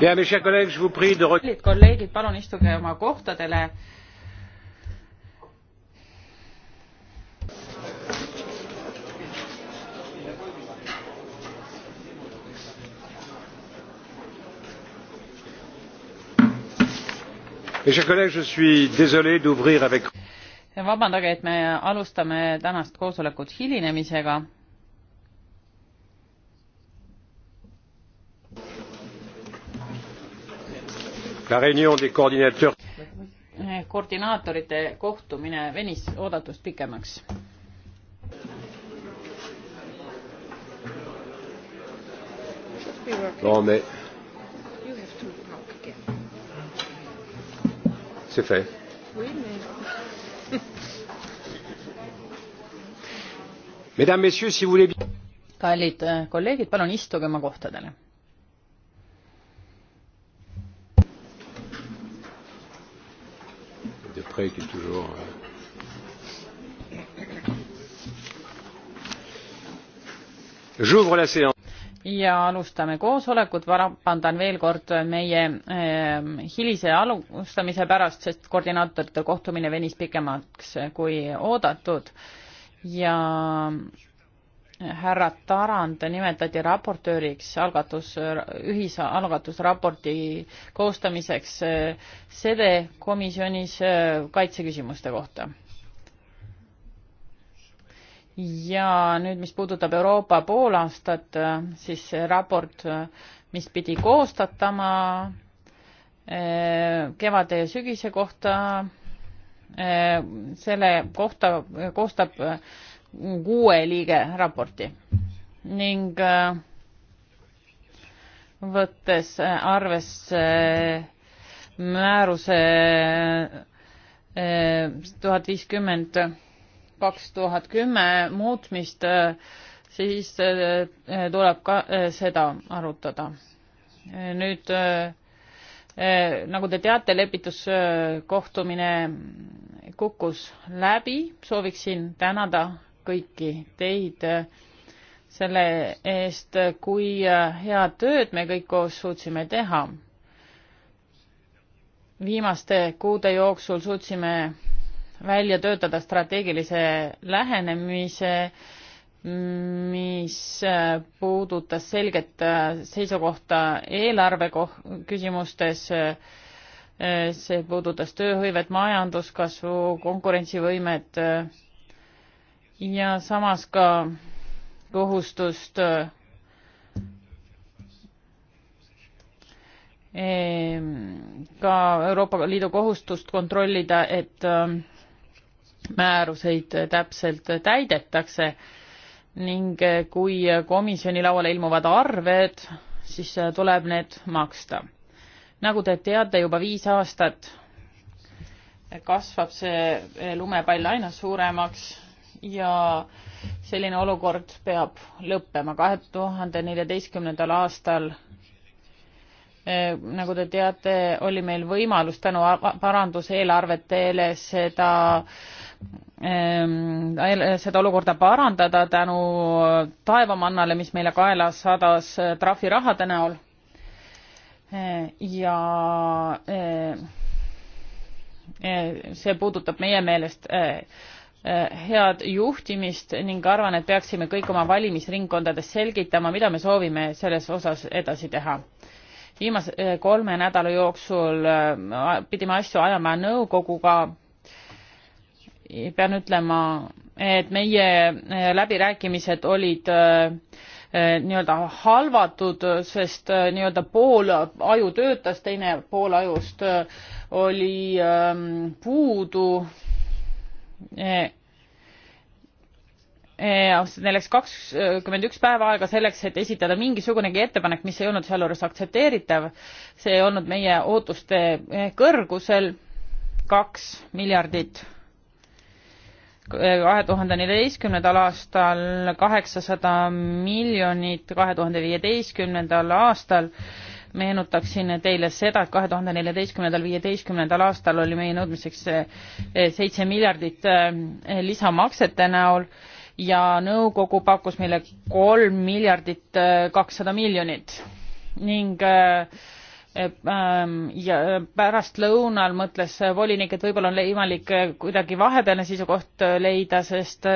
kallid kolleegid, palun istuge oma kohtadele. vabandage, et me alustame tänast koosolekut hilinemisega La réunion des coordinateurs. koordinaatorite kohtumine venis oodatust pikemaks. Non mais c'est fait. Oui, mais... Mesdames, Messieurs, si vous voulez bien. kallid eh, kolleegid, palun istuge oma kohtadele après qui est toujours. Euh, J'ouvre la séance. ja alustame koosolekut, vabandan veel kord meie eh, hilise alustamise pärast, sest koordinaatorite kohtumine venis pikemaks kui oodatud ja härra Tarand nimetati raportööriks algatus, ühisalgatusraporti koostamiseks eh, sede komisjonis eh, kaitseküsimuste kohta. ja nüüd, mis puudutab Euroopa poolaastat, eh, siis see raport, mis pidi koostatama kevade ja sügise kohta, selle kohta koostab kuue liige raporti ning äh, võttes äh, arvesse äh, määruse tuhat viiskümmend kaks tuhat kümme muutmist, siis tuleb ka seda arutada. nüüd nagu te teate, lepituskohtumine kukkus läbi, sooviksin tänada kõiki teid selle eest, kui head tööd me kõik koos suutsime teha. viimaste kuude jooksul suutsime välja töötada strateegilise lähenemise, mis puudutas selget seisukohta eelarve küsimustes, see puudutas tööhõivet, majanduskasvu, konkurentsivõimet ja samas ka kohustust ehm, ka Euroopa Liidu kohustust kontrollida, et ehm, määruseid täpselt täidetakse ning eh, kui komisjoni lauale ilmuvad arved, siis eh, tuleb need maksta. nagu te teate, juba viis aastat kasvab see eh, lumepall aina suuremaks ja selline olukord peab lõppema. kahe tuhande neljateistkümnendal aastal eh, nagu te teate, oli meil võimalus tänu paranduseelarvetele seda ehm, seda olukorda parandada tänu taevamannale, mis meile kaela sadas eh, trahvirahade näol. Eh, ja see puudutab meie meelest Eh, head juhtimist ning arvan, et peaksime kõik oma valimisringkondades selgitama, mida me soovime selles osas edasi teha. viimase eh, kolme nädala jooksul eh, pidime asju ajama nõukoguga. pean ütlema, et meie läbirääkimised olid nii-öelda halvatud, sest nii-öelda pool aju töötas, teine pool ajust oli puudu Eh, eh, neil läks kakskümmend üks päeva aega selleks, et esitada mingisugunegi ettepanek, mis ei olnud sealjuures aktsepteeritav. see ei olnud meie ootuste eh, kõrgusel. kaks miljardit kahe tuhande neljateistkümnendal aastal, kaheksasada miljonit kahe tuhande viieteistkümnendal aastal meenutaksin teile seda, et kahe tuhande neljateistkümnendal, viieteistkümnendal aastal oli meie nõudmiseks eh, seitse miljardit eh, lisamaksete näol ja nõukogu pakkus meile kolm miljardit eh, kakssada miljonit ning ähm, ja pärastlõunal mõtles volinik, et võib-olla on võimalik kuidagi vahepealne seisukoht leida, sest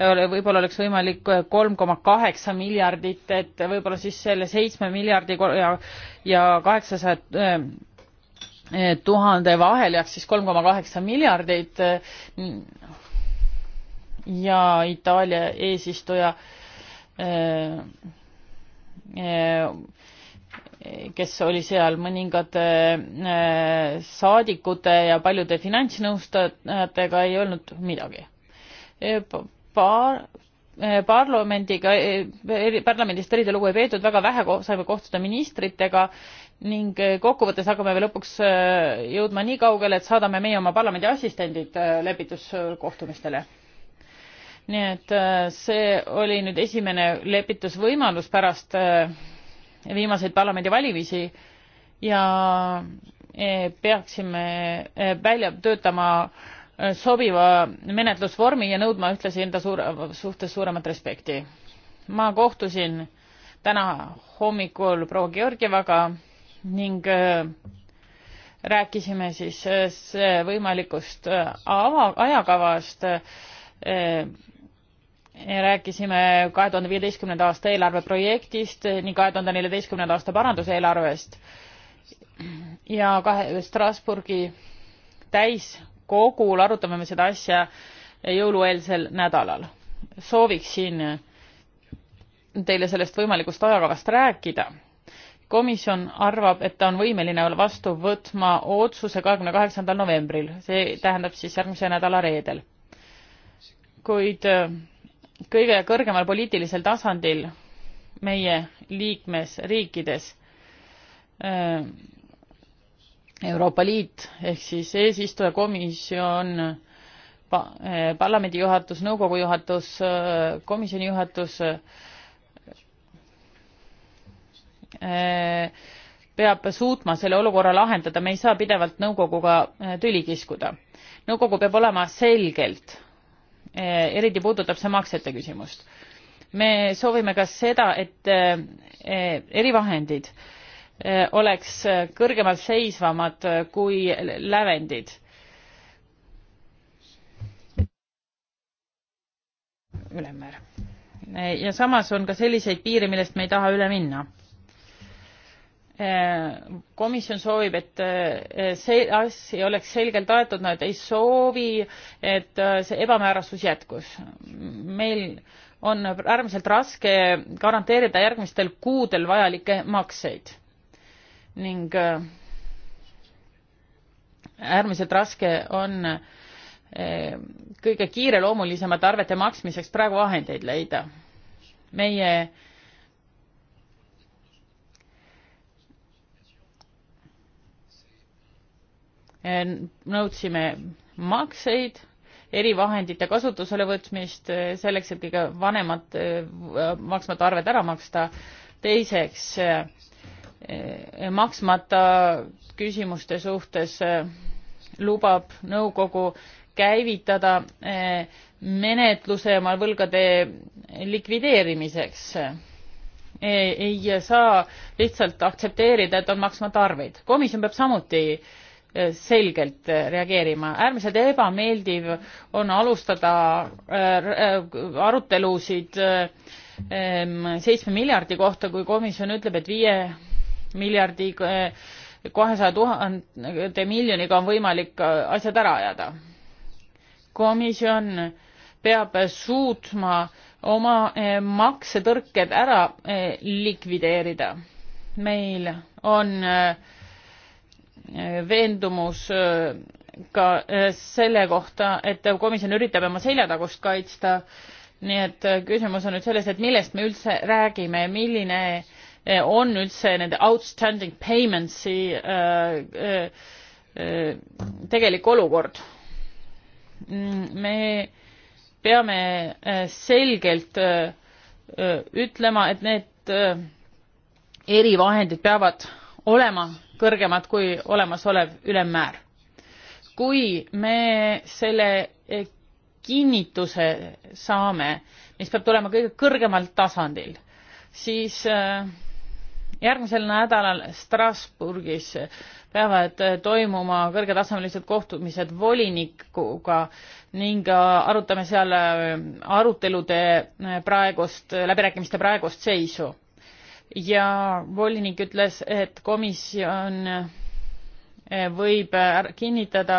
võib-olla oleks võimalik kolm koma kaheksa miljardit, et võib-olla siis selle seitsme miljardi ja, ja kaheksasaja eh, eh, tuhande vahel jääks siis kolm koma kaheksa miljardit ja Itaalia eesistuja eh, kes oli seal mõningate saadikute ja paljude finantsnõustajatega ei olnud midagi paar eh, parlamendiga, eh, parlamendist eriti lugu ei peetud, väga vähe saime kohtuda ministritega ning eh, kokkuvõttes hakkame lõpuks jõudma nii kaugele, et saadame meie oma parlamendi assistendid lepituskohtumistele. nii et see oli nüüd esimene lepitusvõimalus pärast viimaseid parlamendivalimisi ja peaksime välja töötama äh, Äh, sobiva menetlusvormi ja nõudma ühtlasi enda suure, suhtes suuremat respekti. ma kohtusin täna hommikul proua Georgievaga ning äh, rääkisime siis äh, võimalikust ava, ajakavast. rääkisime kahe tuhande viieteistkümnenda aasta eelarve projektist ning kahe tuhande neljateistkümnenda aasta paranduseelarvest ja kahe Strasburgi täis kogul arutame me seda asja jõulueelsel nädalal. sooviksin teile sellest võimalikust ajakavast rääkida. komisjon arvab, et ta on võimeline vastu võtma otsuse kahekümne kaheksandal novembril, see tähendab siis järgmise nädala reedel. kuid äh, kõige kõrgemal poliitilisel tasandil meie liikmesriikides äh, Euroopa Liit ehk siis eesistuja komisjon pa,, eh, parlamendi juhatus, nõukogu juhatus, eh, komisjoni juhatus eh, peab suutma selle olukorra lahendada, me ei saa pidevalt nõukoguga tüli kiskuda. nõukogu peab olema selgelt, eriti puudutab see maksete küsimust. me soovime ka seda, et erivahendid äh, Äh, oleks kõrgemal seisvamad äh, kui lävendid. ülemmäär. ja samas on ka selliseid piire, millest me ei taha üle minna. Äh, komisjon soovib, et see asi oleks selgelt aetud, nad ei soovi, et see ebamäärasus jätkus. meil on äärmiselt raske garanteerida järgmistel kuudel vajalikke makseid ning äh, äärmiselt raske on äh, kõige kiireloomulisemate arvete maksmiseks praegu vahendeid leida. meie äh, nõudsime makseid, erivahendite kasutusele võtmist selleks, et kõige vanemad maksmata arved ära maksta. teiseks Eh, maksmata küsimuste suhtes eh, lubab nõukogu käivitada eh, menetluse oma võlgade likvideerimiseks. ei saa lihtsalt aktsepteerida, et on maksmata arveid. komisjon peab samuti selgelt reageerima. äärmiselt ebameeldiv on alustada arutelusid seitsme miljardi kohta, kui komisjon ütleb, et viie miljardi eh, kahesaja tuhande miljoniga on võimalik eh, asjad ära ajada. komisjon peab suutma oma eh, maksetõrked ära likvideerida. meil on veendumus ka selle kohta, et komisjon üritab oma seljatagust kaitsta, nii et küsimus on nüüd selles, et millest me üldse räägime, milline Eh, on üldse nende outstanding payments'i eh, eh, tegelik olukord. Mm, me peame selgelt ütlema, et need erivahendid peavad olema kõrgemad kui olemasolev ülemmäär. kui me selle kinnituse saame, mis peab tulema kõige kõrgemal tasandil, siis äh, järgmisel nädalal Strasburgis peavad toimuma kõrgetasemelised kohtumised volinikuga ning äh, arutame seal äh, arutelude äh, praegust, läbirääkimiste praegust seisu. ja volinik ütles, et komisjon võib kinnitada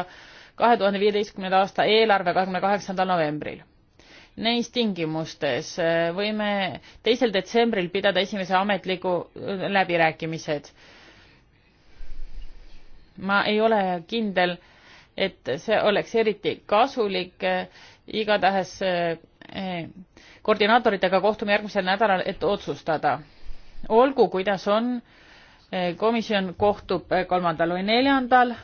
kahe tuhande viieteistkümnenda aasta eelarve kahekümne kaheksandal novembril neis tingimustes võime teisel detsembril pidada esimese ametliku äh, läbirääkimised. ma ei ole kindel, et see oleks eriti kasulik, igatahes äh, koordinaatoritega kohtume järgmisel nädalal, et otsustada. olgu, kuidas on, äh, komisjon kohtub kolmandal või neljandal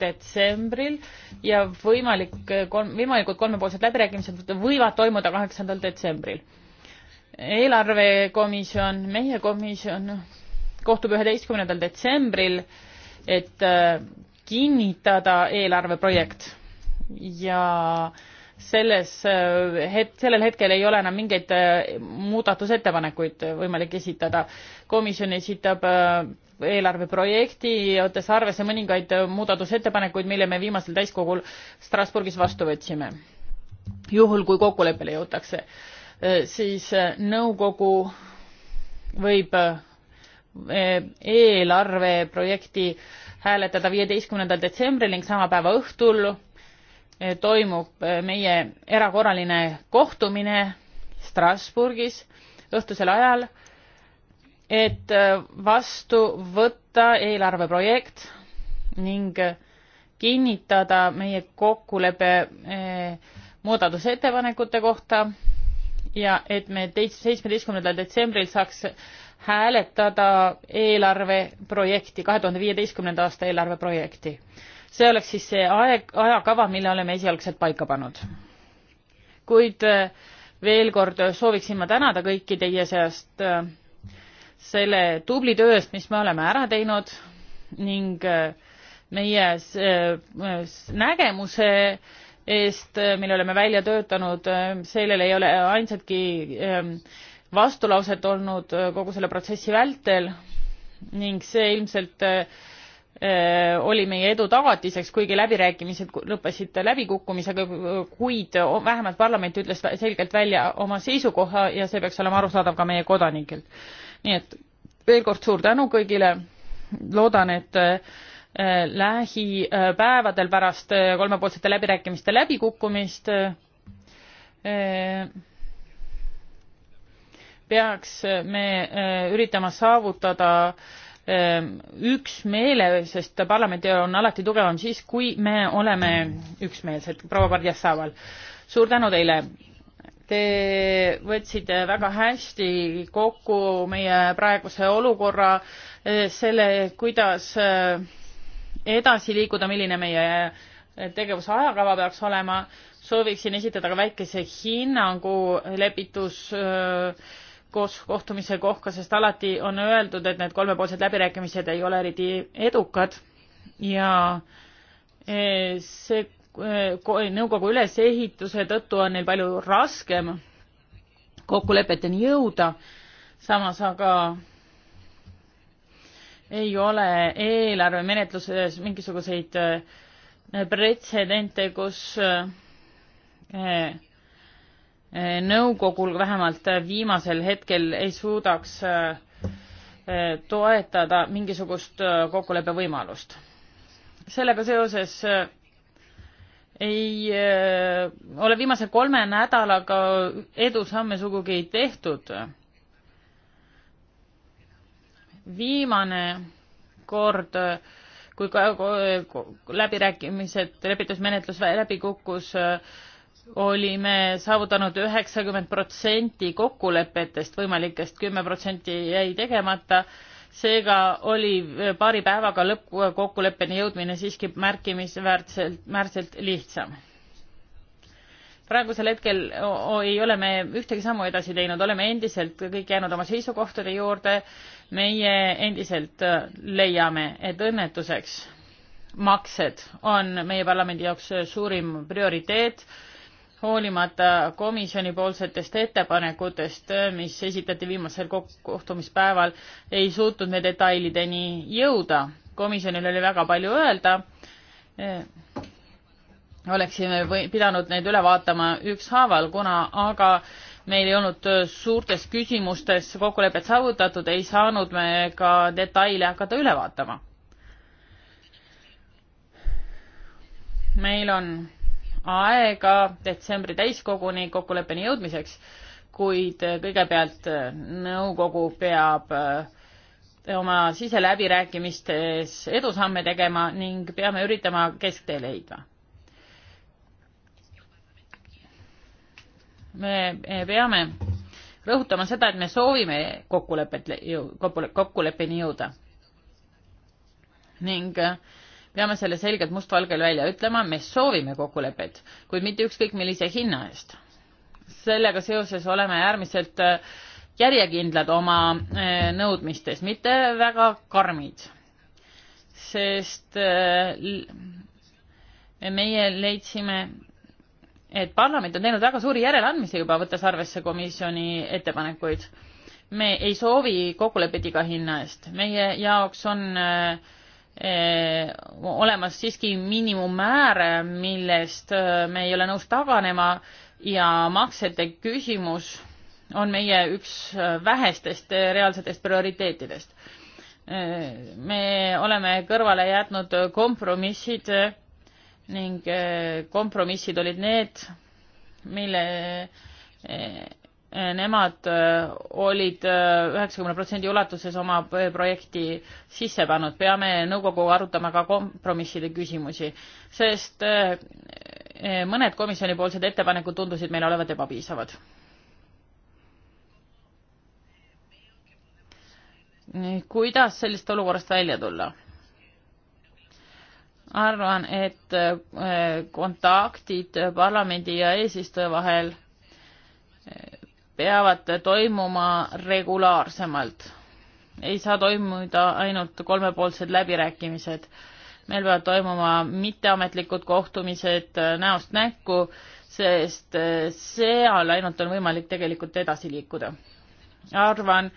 detsembril ja võimalik, eh, võimalikud kolmepoolsed läbirääkimised võivad toimuda kaheksandal detsembril. eelarvekomisjon, meie komisjon kohtub üheteistkümnendal detsembril, et eh, kinnitada eelarveprojekt ja äh, selles äh, het-, sellel hetkel ei ole enam mingeid äh, muudatusettepanekuid äh, võimalik esitada. komisjon esitab eelarveprojekti, võttes arvesse mõningaid muudatusettepanekuid, mille me viimasel täiskogul Strasbourgis vastu võtsime. juhul, kui kokkuleppele jõutakse, siis nõukogu võib eelarveprojekti hääletada viieteistkümnendal detsembril ning sama päeva õhtul Eh, toimub eh, meie erakorraline kohtumine Strasbourgis õhtusel ajal, et eh, vastu võtta eelarveprojekt ning kinnitada meie kokkulepe muudatusettepanekute kohta ja et me seitsmeteistkümnendal detsembril saaks hääletada eelarveprojekti, kahe tuhande viieteistkümnenda aasta eelarveprojekti see oleks siis see aeg, ajakava, mille oleme esialgselt paika pannud. kuid äh, veel kord äh, sooviksin ma tänada kõiki teie seast äh, selle tubli töö eest, mis me oleme ära teinud ning meie nägemuse eest, mille oleme välja töötanud, sellel ei ole ainsatki vastulauset olnud kogu selle protsessi vältel ning see ilmselt äh, Äh, oli meie edu tagatiseks, kuigi läbirääkimised lõppesid läbikukkumisega, kuid vähemalt parlament ütles selgelt välja oma seisukoha ja see peaks olema arusaadav ka meie kodanikelt. nii et veel kord suur tänu kõigile, loodan, et äh, lähipäevadel pärast äh, kolmepoolsete läbirääkimiste läbikukkumist peaks me üritama saavutada äh, Ehm, üksmeele, sest parlament on alati tugevam siis, kui me oleme üksmeelsed. proua Pardjasaval, suur tänu teile. Te võtsite väga hästi kokku meie praeguse olukorra, eh, selle, kuidas eh, edasi liikuda, milline meie eh, tegevuse ajakava peaks olema. sooviksin esitada ka väikese hinnangu lepitus öö, koos kohtumise kohta, sest alati on öeldud, et need kolmepoolsed läbirääkimised ei ole eriti edukad ja e, see e, nõukogu ülesehituse tõttu on neil palju raskem kokkulepeteni jõuda, samas aga ei ole eelarvemenetluses mingisuguseid e, pretsedente, kus nõukogul vähemalt viimasel hetkel ei suudaks eh, toetada mingisugust eh, kokkuleppe võimalust. sellega seoses eh, ei ole viimase kolme nädalaga edusamme sugugi tehtud. viimane kord, kui läbirääkimised, lepitusmenetlus läbi kukkus, olime saavutanud üheksakümmend protsenti kokkulepetest võimalikest, kümme protsenti jäi tegemata, seega oli paari päevaga lõppkokkuleppeni jõudmine siiski märkimisväärselt, märtselt lihtsam. praegusel hetkel ei ole me ühtegi sammu edasi teinud, oleme endiselt kõik jäänud oma seisukohtade juurde, meie endiselt leiame, et õnnetuseks maksed on meie parlamendi jaoks suurim prioriteet hoolimata komisjonipoolsetest ettepanekutest, mis esitati viimasel kohtumispäeval, ei suutnud me detailideni jõuda. komisjonil oli väga palju öelda. oleksime või pidanud neid üle vaatama ükshaaval, kuna aga meil ei olnud suurtes küsimustes kokkulepet saavutatud, ei saanud me ka detaile hakata üle vaatama. meil on aega detsembri täiskoguni kokkuleppeni jõudmiseks, kuid äh, kõigepealt äh, nõukogu peab äh, oma siseläbirääkimistes edusamme tegema ning peame üritama kesktee leida. me peame rõhutama seda, et me soovime kokkulepet, kokkuleppeni jõuda ning äh, peame selle selgelt mustvalgel välja ütlema, me soovime kokkulepet, kuid mitte ükskõik millise hinna eest. sellega seoses oleme äärmiselt äh, järjekindlad oma äh, nõudmistes, mitte väga karmid, sest äh, meie leidsime, et parlament on teinud väga suuri järeleandmisi juba, võttes arvesse komisjoni ettepanekuid. me ei soovi kokkulepet iga hinna eest, meie jaoks on äh, Eh, olemas siiski miinimummäär, millest eh, me ei ole nõus taganema ja maksete küsimus on meie üks eh, vähestest reaalsetest prioriteetidest. me oleme kõrvale jätnud kompromissid ning kompromissid olid need, mille nemad äh, olid äh, üheksakümne protsendi ulatuses oma projekti sisse pannud. peame nõukogu arutama ka kompromisside küsimusi, sest äh, mõned komisjonipoolsed ettepanekud tundusid meile olevat ebapiisavad. kuidas sellest olukorrast välja tulla? arvan, et kontaktid parlamendi ja eesistuja vahel peavad toimuma regulaarsemalt. ei saa toimuda ainult kolmepoolsed läbirääkimised. meil peavad toimuma mitteametlikud kohtumised näost näkku, sest seal ainult on võimalik tegelikult edasi liikuda. arvan,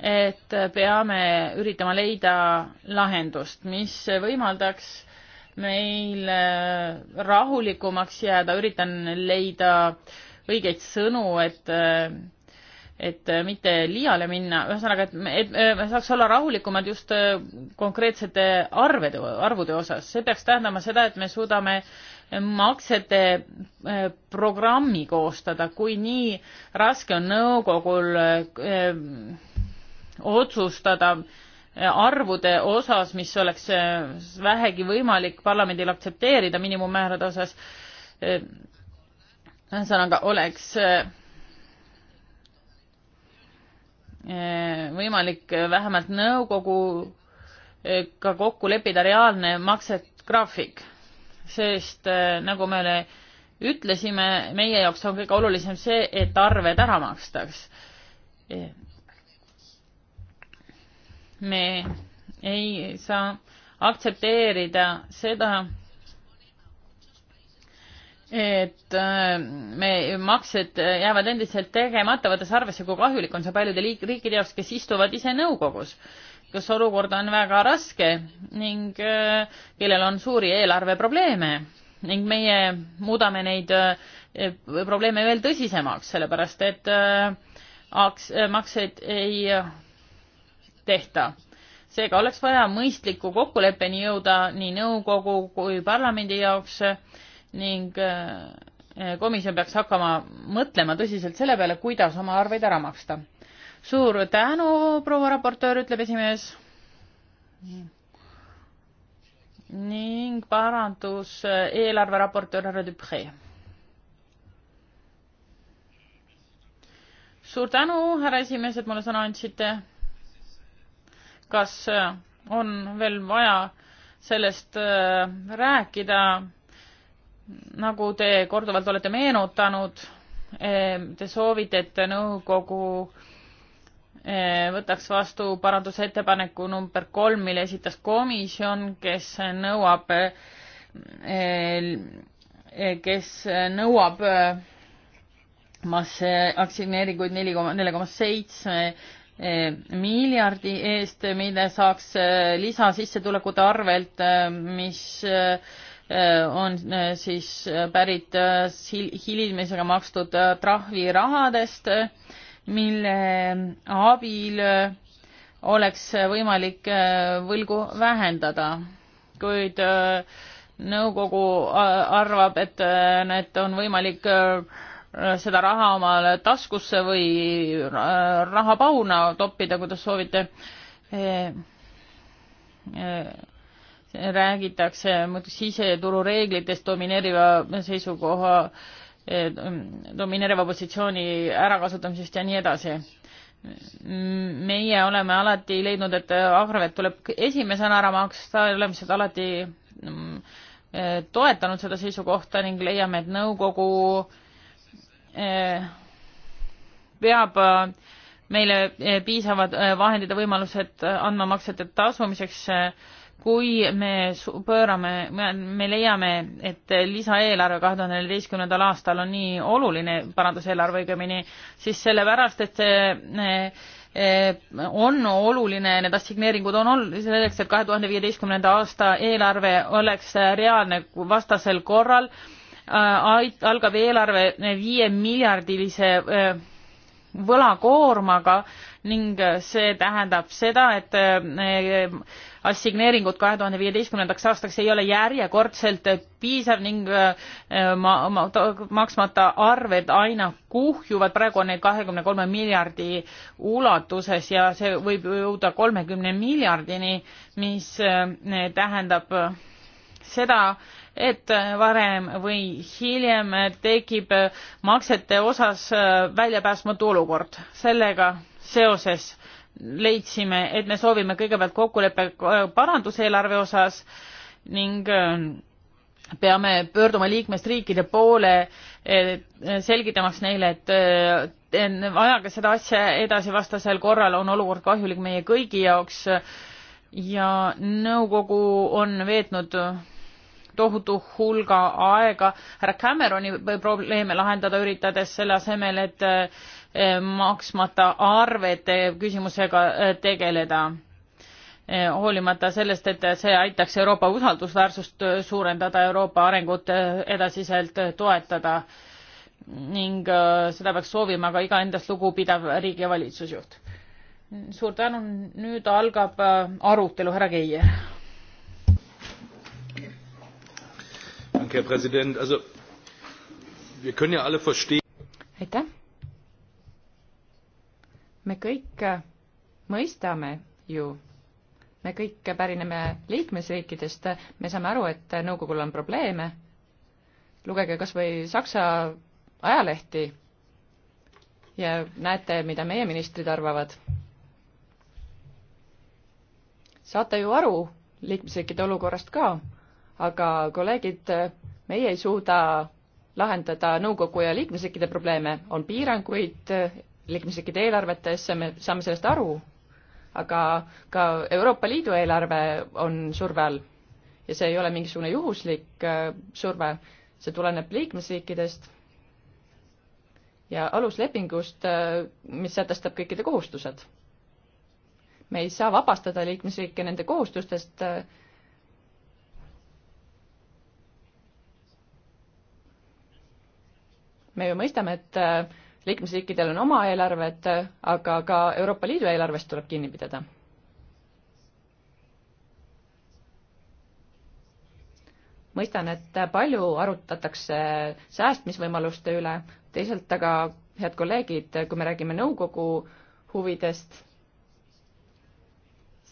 et peame üritama leida lahendust, mis võimaldaks meil rahulikumaks jääda, üritan leida äh, õigeid sõnu, et et mitte liiale minna, ühesõnaga, et me, et me saaks olla rahulikumad just konkreetsete arvede, arvude osas. see peaks tähendama seda, et me suudame maksete e, programmi koostada, kui nii raske on nõukogul öö, e, otsustada arvude osas, mis oleks e, vähegi võimalik parlamendil aktsepteerida miinimummäärade osas ühesõnaga oleks äh, äh, võimalik vähemalt nõukoguga kokku leppida reaalne maksegraafik, sest äh, nagu me ütlesime, meie jaoks on kõige olulisem see, et arved ära makstaks. me ei saa aktsepteerida seda, et äh, me, maksed jäävad endiselt tegemata, võttes arvesse, kui kahjulik on see paljude liik-, riikide jaoks, kes istuvad ise nõukogus, kus olukord on väga raske ning äh, kellel on suuri eelarveprobleeme ning meie muudame neid äh, probleeme veel tõsisemaks, sellepärast et aks-, makseid ei tehta. seega oleks vaja mõistliku kokkuleppeni jõuda nii nõukogu kui parlamendi jaoks ning äh, äh, komisjon peaks hakkama mõtlema tõsiselt selle peale, kuidas oma arveid ära maksta. suur tänu, proua raportöör, ütleb esimees. ning parandus äh, eelarveraportöör härra Dupree. suur tänu, härra esimees, et mulle sõna andsite. kas on veel vaja sellest rääkida? nagu te korduvalt olete meenutanud, eh, te soovite, et nõukogu eh, võtaks vastu parandusettepaneku number kolm, mille esitas komisjon, kes nõuab, eh, kes nõuab massiaktsineeringuid neli koma, nelja koma seitsme miljardi eest, mille saaks lisasissetulekute arvelt, mis Äh, on äh, siis äh, pärit hilinemisega makstud trahvirahadest, mille abil oleks võimalik võlgu vähendada, kuid nõukogu arvab, et need on võimalik seda raha omale taskusse või rahapauna toppida, kuidas soovite räägitakse siseturu reeglitest domineeriva seisukoha, domineeriva positsiooni ärakasutamisest ja nii edasi. meie oleme alati leidnud, et arved tuleb esimesena ära maksta, oleme seda alati mm, toetanud seda seisukohta ning leiame, et nõukogu eh, peab eh, meile eh, piisavad vahendid ja võimalused andmamaksete tasumiseks ta kui me pöörame, me leiame, et lisaeelarve kahe tuhande neljateistkümnendal aastal on nii oluline, paranduseelarve õigemini, siis sellepärast, et see e, on oluline, need assigneeringud on olulised selleks, et kahe tuhande viieteistkümnenda aasta eelarve oleks reaalne, vastasel korral algab eelarve viie miljardilise e, võlakoormaga ning see tähendab seda, et e, assigneeringud kahe tuhande viieteistkümnendaks aastaks ei ole järjekordselt piisav ning äh, ma, ma, maksmata arved aina kuhjuvad, praegu on neid kahekümne kolme miljardi ulatuses ja see võib jõuda kolmekümne miljardini, mis äh, tähendab äh, seda, et varem või hiljem tekib maksete osas väljapääsmatu olukord. sellega seoses leidsime, et me soovime kõigepealt kokkuleppe paranduseelarve osas ning äh, peame pöörduma liikmesriikide poole, äh, selgitamaks neile, äh, et ajage seda asja edasi, vastasel korral on olukord kahjulik meie kõigi jaoks ja nõukogu on veetnud tohutu hulga aega härra Cameroni probleeme lahendada üritades, selle asemel, et Eh, maksmata arvete eh, küsimusega eh, tegeleda. hoolimata sellest, et see aitaks Euroopa usaldusväärsust suurendada, Euroopa arengut edasiselt toetada ning seda peaks soovima ka iga endast lugupidav riigi ja valitsusjuht. suur tänu, nüüd algab arutelu, härra Keier. aitäh me kõik äh, mõistame ju, me kõik pärineme liikmesriikidest, me saame aru, et nõukogul on probleeme, lugege kas või Saksa ajalehti ja näete, mida meie ministrid arvavad. saate ju aru liikmesriikide olukorrast ka, aga kolleegid, meie ei suuda lahendada nõukogu ja liikmesriikide probleeme, on piiranguid, liikmesriikide eelarvetesse, me saame sellest aru, aga ka Euroopa Liidu eelarve on surve all. ja see ei ole mingisugune juhuslik äh, surve, see tuleneb liikmesriikidest ja aluslepingust, äh, mis sätestab kõikide kohustused. me ei saa vabastada liikmesriike nende kohustustest, äh, me ju mõistame, et liikmesriikidel on oma eelarved, aga ka Euroopa Liidu eelarvest tuleb kinni pidada. mõistan, et palju arutatakse säästmisvõimaluste üle, teisalt aga, head kolleegid, kui me räägime nõukogu huvidest,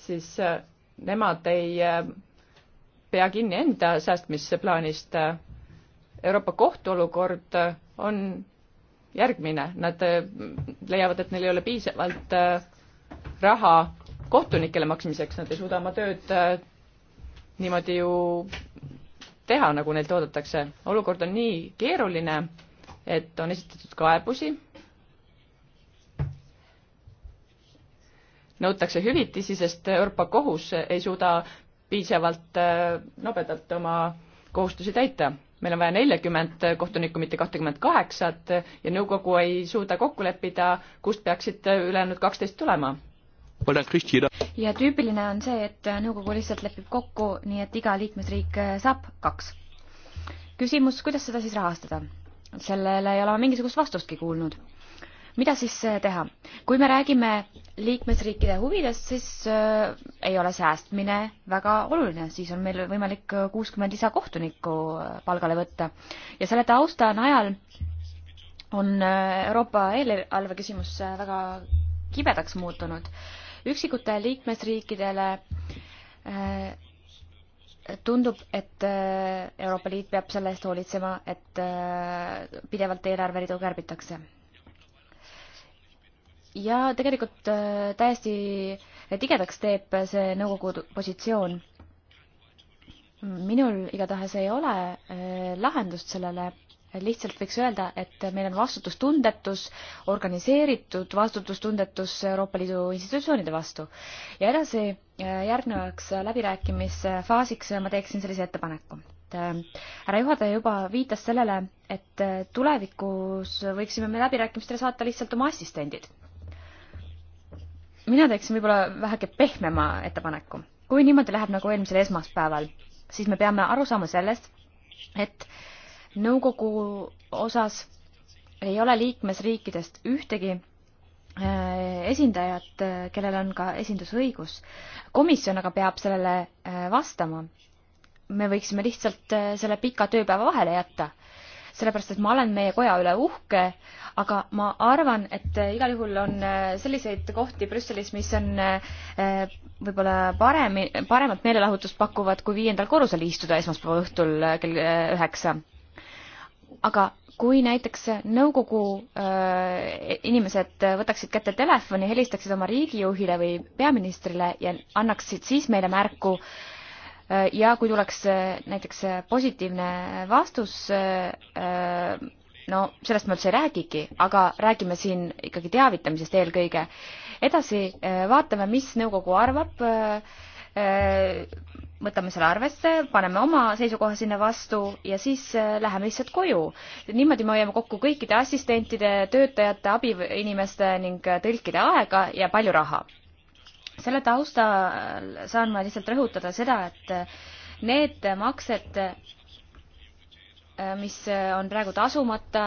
siis äh, nemad ei äh, pea kinni enda säästmisplaanist. Euroopa Kohtu olukord äh, on järgmine, nad äh, leiavad, et neil ei ole piisavalt äh, raha kohtunikele maksmiseks, nad ei suuda oma tööd äh, niimoodi ju teha, nagu neilt oodatakse. olukord on nii keeruline, et on esitatud kaebusi, nõutakse hüvitisi, sest Euroopa Kohus ei suuda piisavalt nobedalt oma kohustusi täita meil on vaja neljakümmend kohtunikku, mitte kahtekümmet kaheksat ja nõukogu ei suuda kokku leppida, kust peaksid ülejäänud kaksteist tulema. ja tüüpiline on see, et nõukogu lihtsalt lepib kokku, nii et iga liikmesriik saab kaks. küsimus, kuidas seda siis rahastada? sellele ei ole ma mingisugust vastustki kuulnud mida siis äh, teha? kui me räägime liikmesriikide huvidest, siis äh, ei ole säästmine väga oluline, siis on meil võimalik äh, kuuskümmend lisakohtunikku äh, palgale võtta ja selle tausta najal on Euroopa eelarve küsimus väga kibedaks muutunud. üksikute liikmesriikidele äh, tundub, et Euroopa Liit peab selle eest hoolitsema, et pidevalt eelarveridu kärbitakse ja tegelikult äh, täiesti tigedaks teeb see nõukogu positsioon. minul igatahes ei ole äh, lahendust sellele, lihtsalt võiks öelda, et meil on vastutustundetus, organiseeritud vastutustundetus Euroopa Liidu institutsioonide vastu. ja edasi, äh, järgnevaks läbirääkimisfaasiks ma teeksin sellise ettepaneku et härra juhataja juba viitas sellele, et tulevikus võiksime me läbirääkimistele saata lihtsalt oma assistendid mina teeksin võib-olla väheke pehmema ettepaneku. kui niimoodi läheb nagu eelmisel esmaspäeval, siis me peame aru saama sellest, et nõukogu osas ei ole liikmesriikidest ühtegi äh, esindajat, äh, kellel on ka esindusõigus. komisjon aga peab sellele äh, vastama. me võiksime lihtsalt selle pika tööpäeva vahele jätta sellepärast et ma olen meie koja üle uhke, aga ma arvan, et äh, igal juhul on äh, selliseid kohti Brüsselis, mis on äh, võib-olla parem, paremat meelelahutust pakuvad, kui viiendal korrusel istuda esmaspäeva õhtul kell üheksa. aga kui näiteks nõukogu äh, inimesed võtaksid kätte telefoni, helistaksid oma riigijuhile või peaministrile ja annaksid siis meile märku äh, ja kui tuleks äh, näiteks äh, positiivne äh, vastus, no sellest ma üldse ei räägigi, aga räägime siin ikkagi teavitamisest eelkõige. edasi vaatame, mis nõukogu arvab, võtame selle arvesse, paneme oma seisukoha sinna vastu ja siis läheme lihtsalt koju. niimoodi me hoiame kokku kõikide assistentide, töötajate, abiinimeste ning tõlkide aega ja palju raha selle taustal saan ma lihtsalt rõhutada seda, et need maksed, mis on praegu tasumata,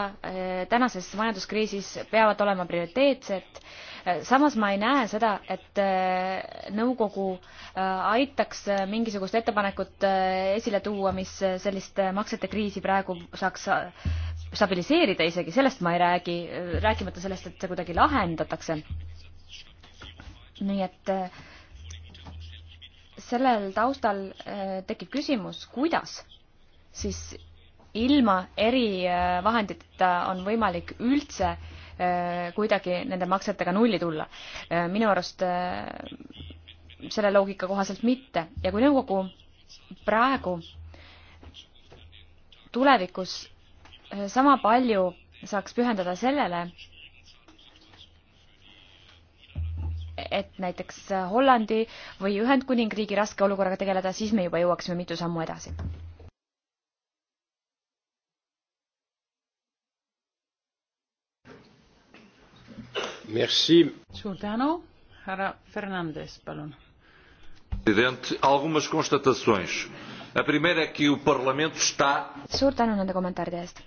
tänases majanduskriisis peavad olema prioriteetsed. samas ma ei näe seda, et nõukogu aitaks mingisugust ettepanekut esile tuua, mis sellist maksete kriisi praegu saaks stabiliseerida isegi, sellest ma ei räägi, rääkimata sellest, et see kuidagi lahendatakse nii et äh, sellel taustal äh, tekib küsimus, kuidas siis ilma erivahenditeta äh, on võimalik üldse kuidagi nende maksetega nulli tulla. minu arust selle loogika kohaselt mitte ja kui nõukogu praegu tulevikus sama palju saaks pühendada sellele, et näiteks Hollandi või Ühendkuningriigi raske olukorraga tegeleda, siis me juba jõuaksime mitu sammu edasi. Merci. suur tänu, härra Fernandes, palun. president, algumas constatações. A primeira é que o parlamento está. suur tänu nende kommentaaride eest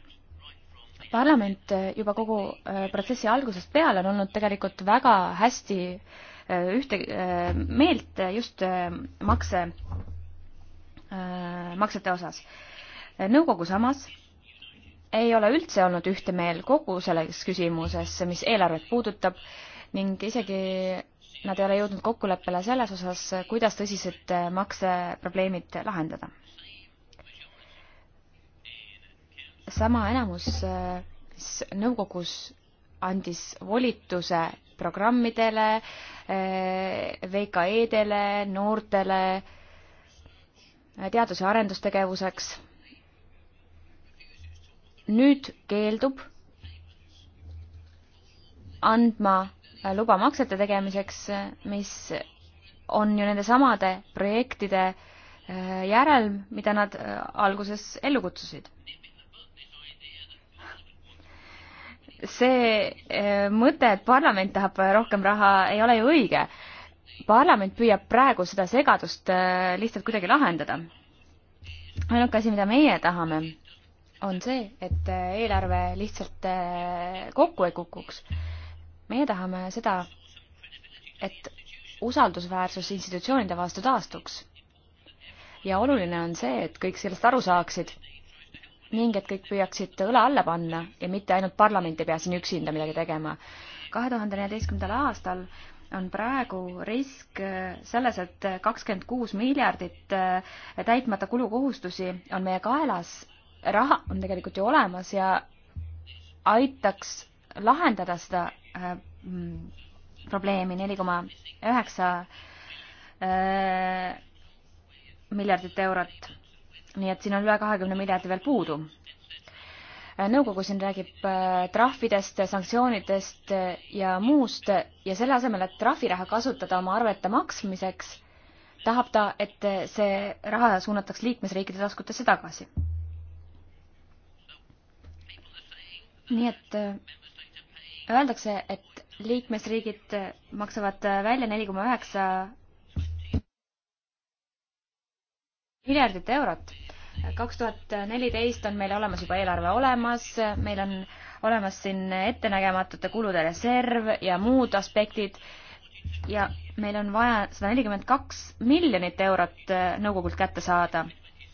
parlament eh, juba kogu eh, protsessi algusest peale on olnud tegelikult väga hästi ühte äh, meelt just äh, makse, äh, maksete osas. nõukogu samas ei ole üldse olnud ühte meel kogu selles küsimuses, mis eelarvet puudutab ning isegi nad ei ole jõudnud kokkuleppele selles osas, kuidas tõsised makseprobleemid lahendada. sama enamus, mis nõukogus andis volituse programmidele, eh, VKE-dele, noortele, eh, teadus- ja arendustegevuseks. nüüd keeldub andma luba maksete tegemiseks, mis on ju nendesamade projektide eh, järelm, mida nad alguses ellu kutsusid see eh, mõte, et parlament tahab rohkem raha, ei ole ju õige. parlament püüab praegu seda segadust eh, lihtsalt kuidagi lahendada. ainuke asi, mida meie tahame, on see, et eh, eelarve lihtsalt kokku ei kukuks. meie tahame seda, et usaldusväärsus institutsioonide vastu taastuks. ja oluline on see, et kõik sellest aru saaksid ning et kõik püüaksid õla alla panna ja mitte ainult parlament ei pea siin üksinda midagi tegema. kahe tuhande neljateistkümnendal aastal on praegu risk äh, selles, et kakskümmend kuus miljardit äh, täitmata kulukohustusi on meie kaelas, raha on tegelikult ju olemas ja aitaks lahendada seda äh, mm, probleemi neli koma üheksa äh, miljardit eurot nii et siin on üle kahekümne miljardi veel puudu. nõukogu siin räägib äh, trahvidest, sanktsioonidest äh, ja muust ja selle asemel, et trahviraha kasutada oma arvete maksmiseks, tahab ta, et äh, see raha suunataks liikmesriikide taskutesse tagasi. nii et öeldakse, et liikmesriigid maksavad välja neli koma üheksa miljardit eurot kaks tuhat neliteist on meil olemas juba eelarve olemas, meil on olemas siin ettenägematute kulude reserv ja muud aspektid ja meil on vaja sada nelikümmend kaks miljonit eurot äh, nõukogult kätte saada.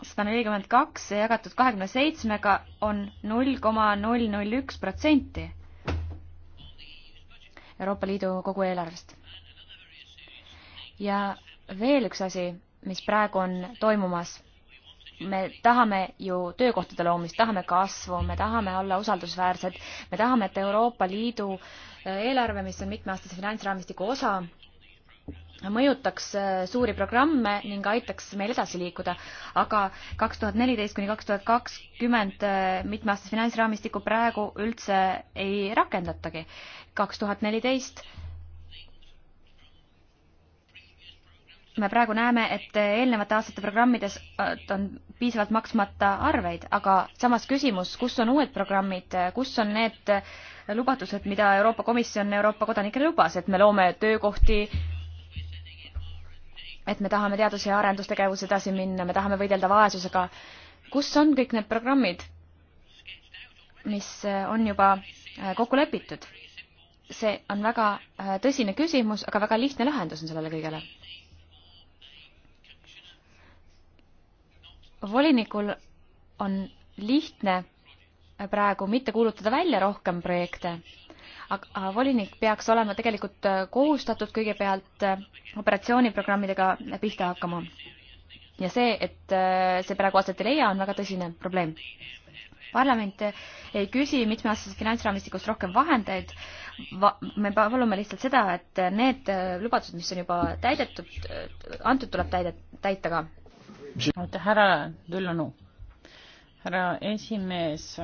sada nelikümmend kaks jagatud kahekümne seitsmega on null koma null null üks protsenti Euroopa Liidu kogu eelarvest. ja veel üks asi, mis praegu on toimumas me tahame ju töökohtade loomist, tahame kasvu, me tahame olla usaldusväärsed, me tahame, et Euroopa Liidu äh, eelarve, mis on mitmeaastase finantsraamistiku osa, mõjutaks äh, suuri programme ning aitaks meil edasi liikuda, aga kaks tuhat neliteist kuni kaks tuhat kakskümmend äh, mitmeaastase finantsraamistiku praegu üldse ei rakendatagi. kaks tuhat neliteist me praegu näeme, et eelnevate aastate programmides äh, on piisavalt maksmata arveid, aga samas küsimus, kus on uued programmid, kus on need lubadused, mida Euroopa Komisjon Euroopa kodanikele lubas, et me loome töökohti, et me tahame teadus- ja arendustegevus edasi minna, me tahame võidelda vaesusega. kus on kõik need programmid, mis äh, on juba äh, kokku lepitud? see on väga tõsine küsimus, aga väga lihtne lahendus on sellele kõigele volinikul on lihtne praegu mitte kuulutada välja rohkem projekte, aga volinik peaks olema tegelikult kohustatud kõigepealt operatsiooniprogrammidega pihta hakkama. ja see, et äh, see praegu aset ei leia, on väga tõsine probleem. parlament ei küsi mitmeaastasest finantsraamistikust rohkem vahendeid va, me palume lihtsalt seda, et need lubadused, mis on juba täidetud, äh, antud tuleb täide, täita ka aitäh, härra Düllanu. härra esimees,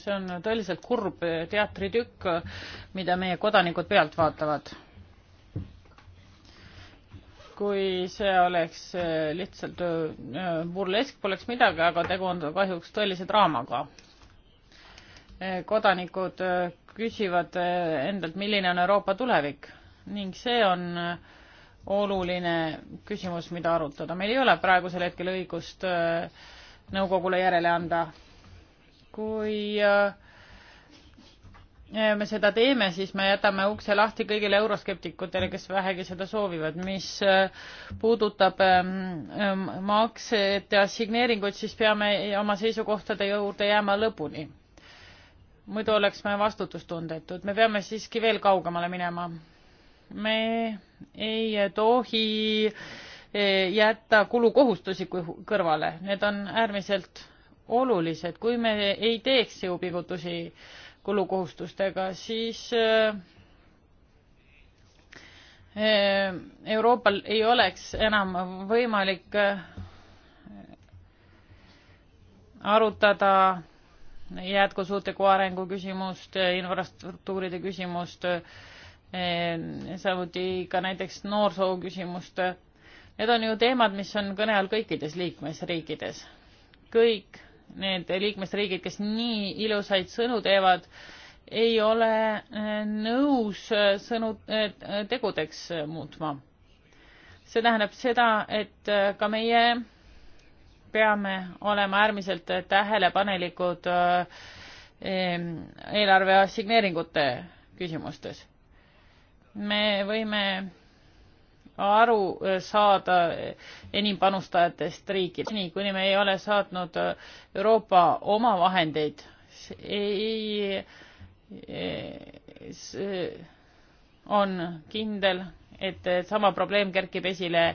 see on tõeliselt kurb teatritükk, mida meie kodanikud pealt vaatavad. kui see oleks lihtsalt äh, burlesk, poleks midagi, aga tegu on kahjuks tõelise draamaga. Äh, kodanikud äh, küsivad endalt, milline on Euroopa tulevik ning see on äh, oluline küsimus, mida arutada. meil ei ole praegusel hetkel õigust äh, nõukogule järele anda. kui äh, me seda teeme, siis me jätame ukse lahti kõigile euroskeptikutele, kes vähegi seda soovivad. mis äh, puudutab ähm, ähm, maksete assigneeringuid, siis peame oma seisukohtade juurde jääma lõpuni. muidu oleks me vastutustundetud. me peame siiski veel kaugemale minema me ei tohi e, jätta kulukohustusi kõrvale, need on äärmiselt olulised, kui me ei teeks jõupingutusi kulukohustustega, siis e, Euroopal ei oleks enam võimalik e, arutada jätkusuutliku arengu küsimust, infrastruktuuride küsimust, Ehm, samuti ka näiteks noorsoo küsimust. Need on ju teemad, mis on kõne all kõikides liikmesriikides. kõik need liikmesriigid, kes nii ilusaid sõnu teevad, ei ole eh, nõus eh, sõnu eh, tegudeks muutma. see tähendab seda, et ka meie peame olema äärmiselt tähelepanelikud ehm, eelarve assigneeringute küsimustes me võime aru äh, saada äh, enim panustajatest riigid. seni, kuni me ei ole saatnud äh, Euroopa omavahendeid, ei, see on kindel, et sama probleem kerkib esile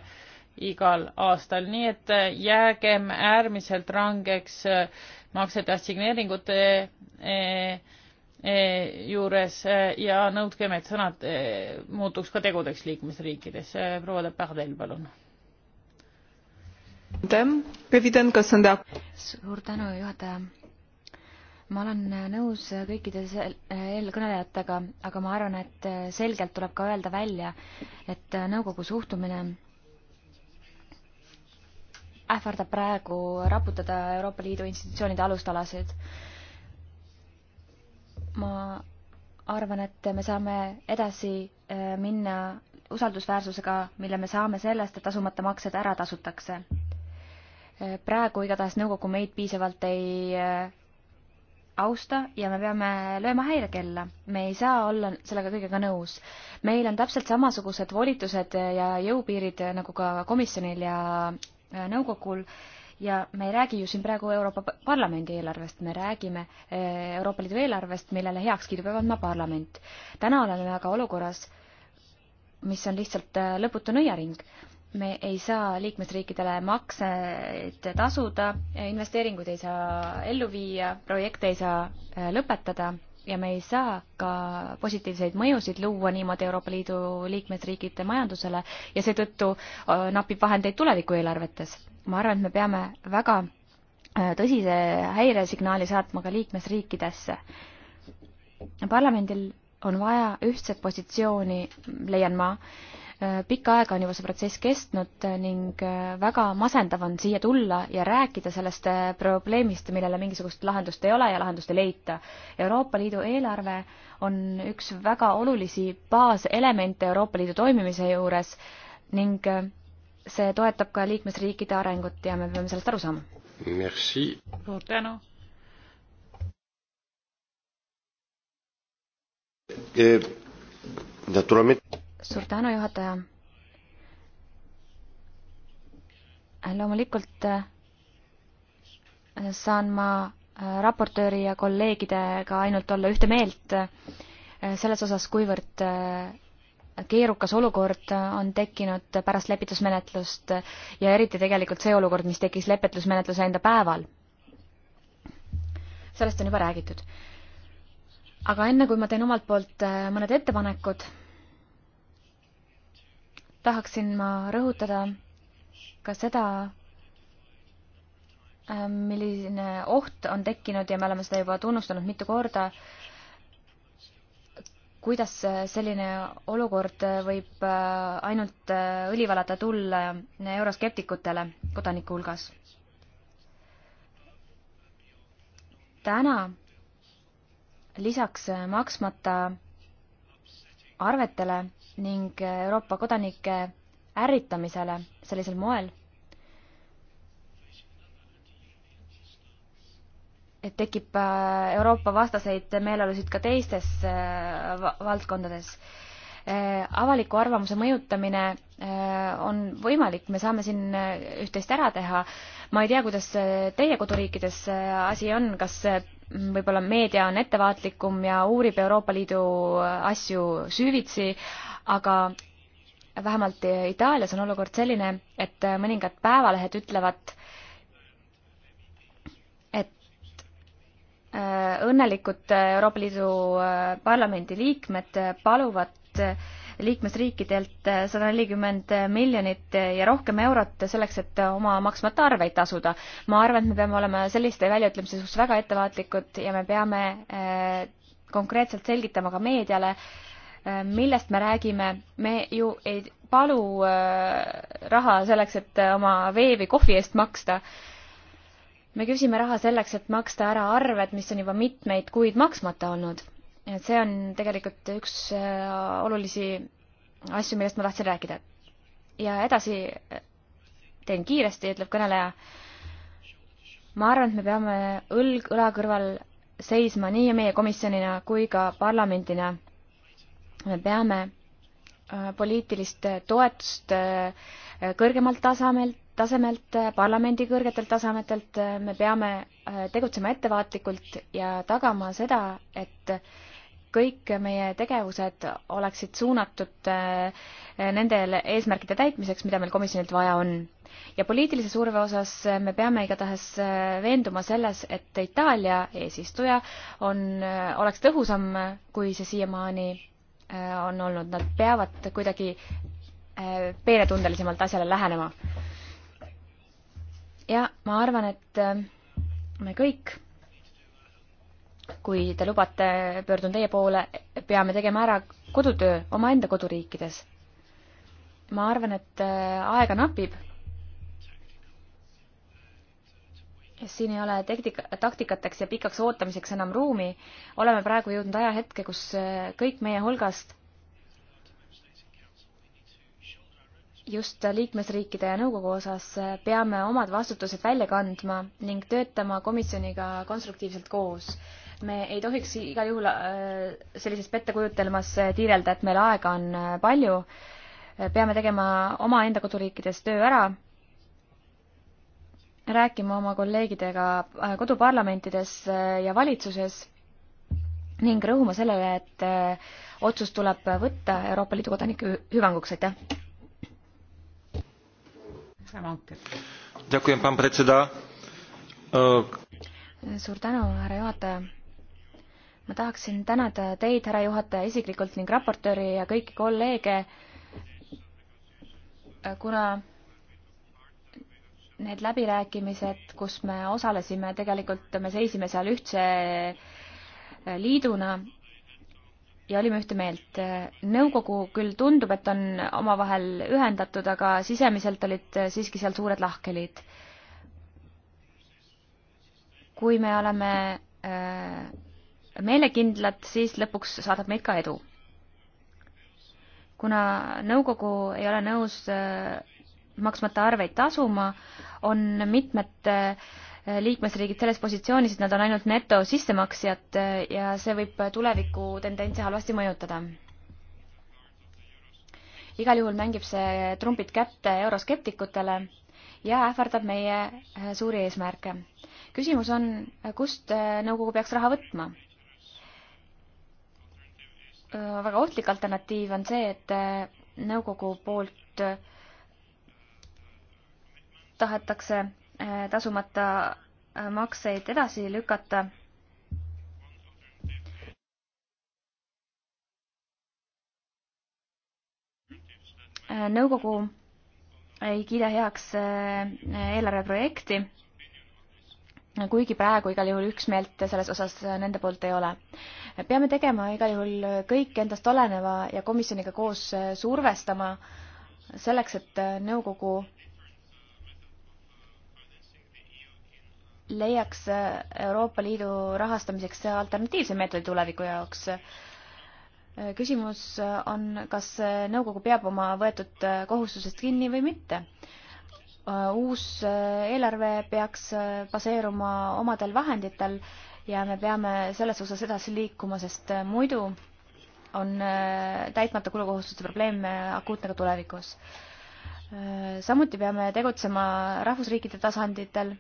igal aastal, nii et jäägem äärmiselt rangeks maksete assigneeringute eh, E, juures e, ja nõudkem, et sõnad e, muutuks ka tegudeks liikmesriikides. proua Lepardel, palun. suur tänu, juhataja. ma olen nõus kõikide eelkõnelejatega, aga ma arvan, et selgelt tuleb ka öelda välja, et nõukogu suhtumine ähvardab praegu raputada Euroopa Liidu institutsioonide alustalasid ma arvan, et me saame edasi äh, minna usaldusväärsusega, mille me saame sellest, et tasumata maksed ära tasutakse. Äh, praegu igatahes nõukogu meid piisavalt ei äh, austa ja me peame lööma häirekella. me ei saa olla sellega kõigega nõus. meil on täpselt samasugused volitused ja jõupiirid nagu ka komisjonil ja nõukogul äh, ja me ei räägi ju siin praegu Euroopa Parlamendi eelarvest, me räägime eh, Euroopa Liidu eelarvest, millele heakskiidu peab andma parlament. täna oleme aga olukorras, mis on lihtsalt eh, lõputu nõiaring me ei saa liikmesriikidele makseid tasuda, investeeringuid ei saa ellu viia, projekte ei saa eh, lõpetada ja me ei saa ka positiivseid mõjusid luua niimoodi Euroopa Liidu liikmesriikide majandusele ja seetõttu napib vahendeid tulevikueelarvetes ma arvan, et me peame väga äh, tõsise häiresignaali saatma ka liikmesriikidesse. parlamendil on vaja ühtset positsiooni, leian ma. Äh, pikka aega on juba see protsess kestnud äh, ning väga masendav on siia tulla ja rääkida sellest probleemist, millele mingisugust lahendust ei ole ja lahendust ei leita. Euroopa Liidu eelarve on üks väga olulisi baaselemente Euroopa Liidu toimimise juures ning see toetab ka liikmesriikide arengut ja me peame sellest aru saama. suur tänu. Eh, suur tänu, juhataja. loomulikult eh, saan ma eh, raportööri ja kolleegidega ainult olla ühte meelt selles osas, kuivõrd keerukas olukord on tekkinud pärast lepitusmenetlust ja eriti tegelikult see olukord, mis tekkis lepitusmenetluse enda päeval. sellest on juba räägitud. aga enne, kui ma teen omalt poolt äh, mõned ettepanekud, tahaksin ma rõhutada ka seda, äh, milline oht on tekkinud ja me oleme seda juba tunnustanud mitu korda, kuidas selline olukord võib äh, ainult äh, õli valada tulla euroskeptikutele kodaniku hulgas? täna lisaks maksmata arvetele ning Euroopa kodanike ärritamisele sellisel moel et tekib äh, Euroopa vastaseid meeleolusid ka teistes äh, valdkondades. Äh, avaliku arvamuse mõjutamine on võimalik, me saame siin üht-teist ära teha. ma ei tea, kuidas teie koduriikides asi on, kas võib-olla meedia on ettevaatlikum ja uurib Euroopa Liidu asju süvitsi, aga vähemalt Itaalias on olukord selline, et mõningad päevalehed ütlevad, Äh, õnnelikud äh, Euroopa Liidu äh, Parlamendi liikmed paluvad liikmesriikidelt sada nelikümmend miljonit ja rohkem eurot selleks, et oma maksmata arveid tasuda. ma arvan, et me peame olema selliste väljaütlemiste suhtes väga ettevaatlikud ja me peame konkreetselt selgitama ka meediale, millest me räägime, me ju ei palu raha selleks, et oma vee või kohvi eest maksta me küsime raha selleks, et maksta ära arved, mis on juba mitmeid kuid maksmata olnud. et see on tegelikult üks äh, olulisi asju, millest ma tahtsin rääkida. ja edasi äh, teen kiiresti, ütleb kõneleja. ma arvan, et me peame õlg õla kõrval seisma nii meie komisjonina kui ka parlamendina. me peame äh, poliitilist toetust kõrgemalt tasemelt tasemelt, äh, parlamendi kõrgetelt tasemetelt, äh, me peame äh, tegutsema ettevaatlikult ja tagama seda, et kõik meie tegevused oleksid suunatud nendele eesmärkide täitmiseks, mida meil komisjonilt vaja on. ja poliitilise surve osas me peame igatahes veenduma selles, et Itaalia eesistuja on, oleks tõhusam, kui see siiamaani on olnud, nad peavad kuidagi peenetundelisemalt asjale lähenema ja ma arvan, et äh, me kõik, kui te lubate, pöördun teie poole, peame tegema ära kodutöö omaenda koduriikides. ma arvan, et äh, aega napib. siin ei ole tektika, taktikateks ja pikaks ootamiseks enam ruumi. oleme praegu jõudnud ajahetke, kus äh, kõik meie hulgast just liikmesriikide ja nõukogu osas peame omad vastutused välja kandma ning töötama komisjoniga konstruktiivselt koos. me ei tohiks igal juhul äh, sellises pettekujutelmas tiirelda, et meil aega on äh, palju. peame tegema omaenda koduriikides töö ära, rääkima oma kolleegidega äh, koduparlamentides ja valitsuses ning rõhuma sellele, et otsus tuleb võtta Euroopa Liidu kodanike hüvanguks, aitäh! E, suur tänu, härra juhataja. ma tahaksin tänada teid, härra juhataja, isiklikult ning raportööri ja kõiki kolleege, kuna need läbirääkimised, kus me osalesime, tegelikult me seisime seal ühtse liiduna ja olime ühte meelt. nõukogu küll tundub, et on omavahel ühendatud, aga sisemiselt olid siiski seal suured lahkhelid. kui me oleme äh, meelekindlad, siis lõpuks saadab meid ka edu. kuna nõukogu ei ole nõus äh, maksmata arveid tasuma, on mitmed äh, Äh, liikmesriigid selles positsioonis, et nad on ainult neto sissemaksjad äh, ja see võib äh, tuleviku tendentse halvasti mõjutada. igal juhul mängib see trumbid kätte euroskeptikutele ja ähvardab meie suuri eesmärke. küsimus on, kust nõukogu peaks raha võtma? väga ohtlik alternatiiv on see, et nõukogu poolt tahetakse Äh, tasumata äh, makseid edasi lükata. Äh, nõukogu ei kiida heaks eelarveprojekti, kuigi praegu igal juhul üksmeelt selles osas nende poolt ei ole. peame tegema igal juhul kõik endast oleneva ja komisjoniga koos survestama selleks, et nõukogu leiaks Euroopa Liidu rahastamiseks alternatiivse meetodi tuleviku jaoks. küsimus on, kas nõukogu peab oma võetud kohustusest kinni või mitte. uus eelarve peaks baseeruma omadel vahenditel ja me peame selles osas edasi liikuma, sest muidu on täitmata kulukohustuste probleem akuutne ka tulevikus. samuti peame tegutsema rahvusriikide tasanditel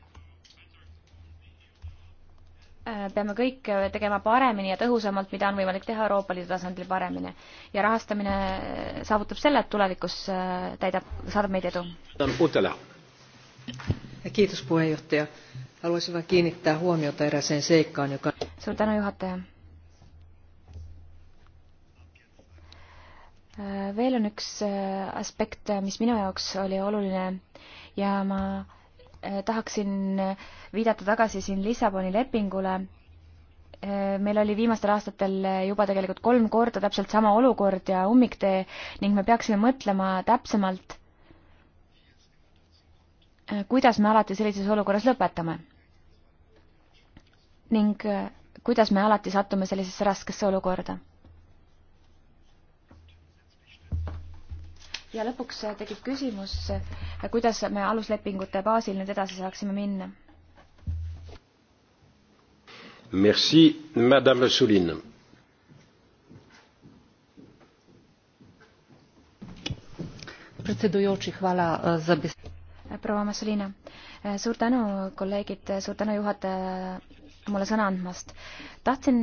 Äh, peame kõik äh, tegema paremini ja tõhusamalt, mida on võimalik teha Euroopa Liidu tasandil paremini. ja rahastamine äh, saavutab selle, et tulevikus täidab, saadab meid edu. Kiitos puheenjohtaja. Haluaisin vain kiinnittää huomiota erääseen seikkaan, joka... Suur tänu juhataja. Veel on üks aspekt, mis minu jaoks oli oluline ja ma Äh, tahaksin äh, viidata tagasi siin Lissaboni lepingule. Äh, meil oli viimastel aastatel juba tegelikult kolm korda täpselt sama olukord ja ummiktee ning me peaksime mõtlema täpsemalt, kuidas me alati sellises olukorras lõpetame. ning kuidas me alati sattume sellisesse raskesse olukorda ja lõpuks äh, tekib küsimus, äh, kuidas me aluslepingute baasil nüüd edasi saaksime minna. Merci, madame Souline. E, äh, proua Massolina, suur tänu, kolleegid, suur tänu juhataja mulle sõna andmast. tahtsin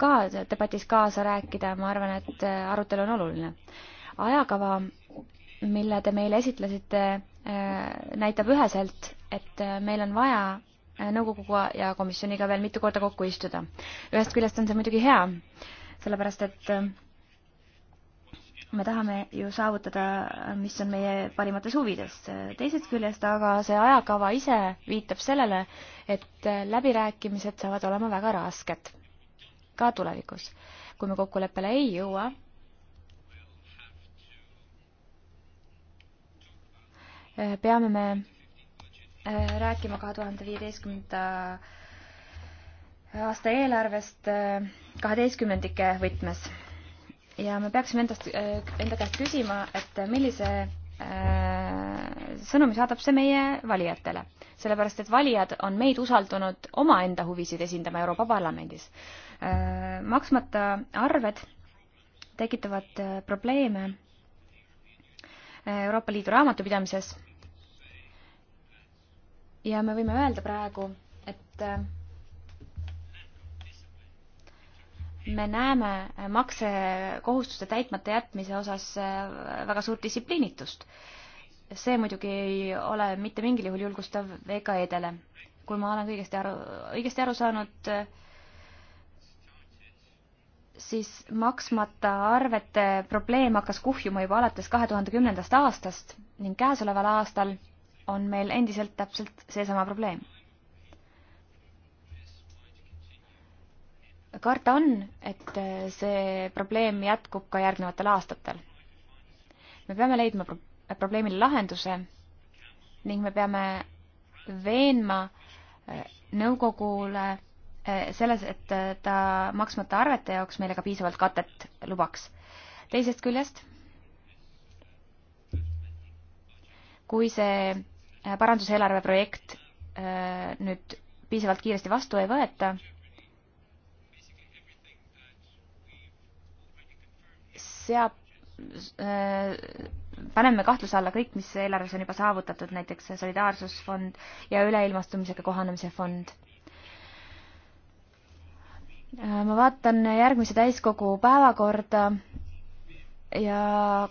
ka debatis kaasa rääkida, ma arvan, et arutelu on oluline. ajakava mille te meile esitlesite, äh, näitab üheselt, et äh, meil on vaja äh, nõukoguga ja komisjoniga veel mitu korda kokku istuda. ühest küljest on see muidugi hea, sellepärast et me tahame ju saavutada, mis on meie parimates huvides. teisest küljest aga see ajakava ise viitab sellele, et läbirääkimised saavad olema väga rasked, ka tulevikus. kui me kokkuleppele ei jõua, Eh, peame me eh, rääkima kahe tuhande viieteistkümnenda aasta eelarvest eh, kaheteistkümnendike võtmes. ja me peaksime endast, enda käest küsima, et millise sõnumi saadab see meie valijatele. sellepärast, et valijad on meid usaldanud omaenda huvisid esindama Euroopa Parlamendis. maksmata arved tekitavad probleeme Euroopa Liidu raamatupidamises. ja me võime öelda praegu, et äh, me näeme maksekohustuste täitmata jätmise osas äh, väga suurt distsipliinitust. see muidugi ei ole mitte mingil juhul julgustav VKE-dele. kui ma olen kõigesti aru, õigesti aru saanud, äh, siis maksmata arvete probleem hakkas kuhjuma juba alates kahe tuhande kümnendast aastast ning käesoleval aastal on meil endiselt täpselt seesama probleem. karta on, et see probleem jätkub ka järgnevatel aastatel. me peame leidma pro probleemile lahenduse ning me peame veenma nõukogule Äh, selles, et äh, ta maksmata arvete jaoks meile ka piisavalt katet lubaks. teisest küljest, kui see äh, paranduseelarve projekt nüüd piisavalt kiiresti vastu ei võeta, seab, paneme kahtluse alla kõik, mis eelarves on juba saavutatud, näiteks solidaarsusfond ja üleilmastumisega kohanemise fond Äh, ma vaatan järgmise täiskogu päevakorda ja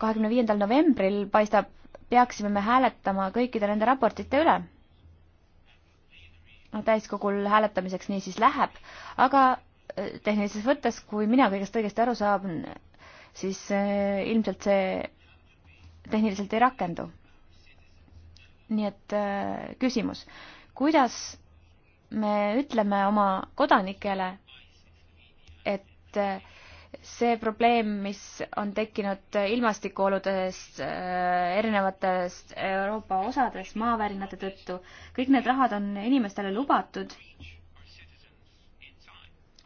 kahekümne viiendal novembril paistab, peaksime me hääletama kõikide nende raportite üle täiskogul hääletamiseks nii siis läheb, aga äh, tehnilises võttes, kui mina kõigest õigesti aru saan, siis äh, ilmselt see tehniliselt ei rakendu. nii et küsimus, kuidas me ütleme oma kodanikele, et see probleem, mis on tekkinud ilmastikuoludest äh, erinevatest Euroopa osades maavärinate tõttu, kõik need rahad on inimestele lubatud,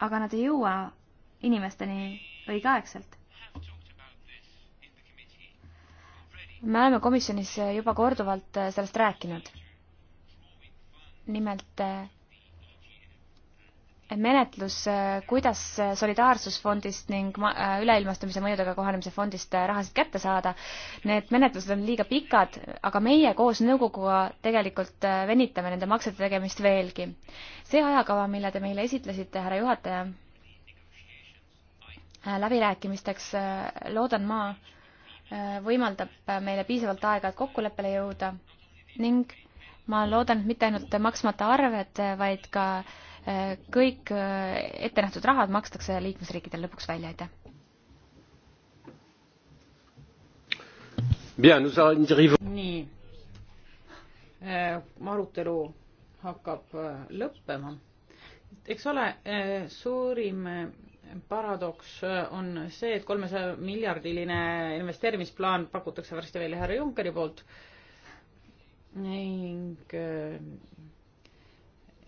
aga nad ei jõua inimesteni õigeaegselt. me oleme komisjonis juba korduvalt sellest rääkinud. nimelt äh, menetlus, äh, kuidas Solidaarsusfondist ning äh, üleilmastumise mõjudega kohanemise fondist äh, rahasid kätte saada. Need menetlused on liiga pikad, aga meie koos nõukoguga tegelikult venitame nende maksete tegemist veelgi. see ajakava, mille te meile esitlesite, härra juhataja, läbirääkimisteks loodan ma, võimaldab meile piisavalt aega, et kokkuleppele jõuda ning ma loodan, et mitte ainult maksmata arved, vaid ka äh, kõik äh, ette nähtud rahad makstakse liikmesriikidele lõpuks välja, aitäh. nii, äh, arutelu hakkab äh, lõppema. eks ole, suurim paradoks on see, et kolmesaja miljardiline investeerimisplaan pakutakse varsti välja härra Junckeri poolt ning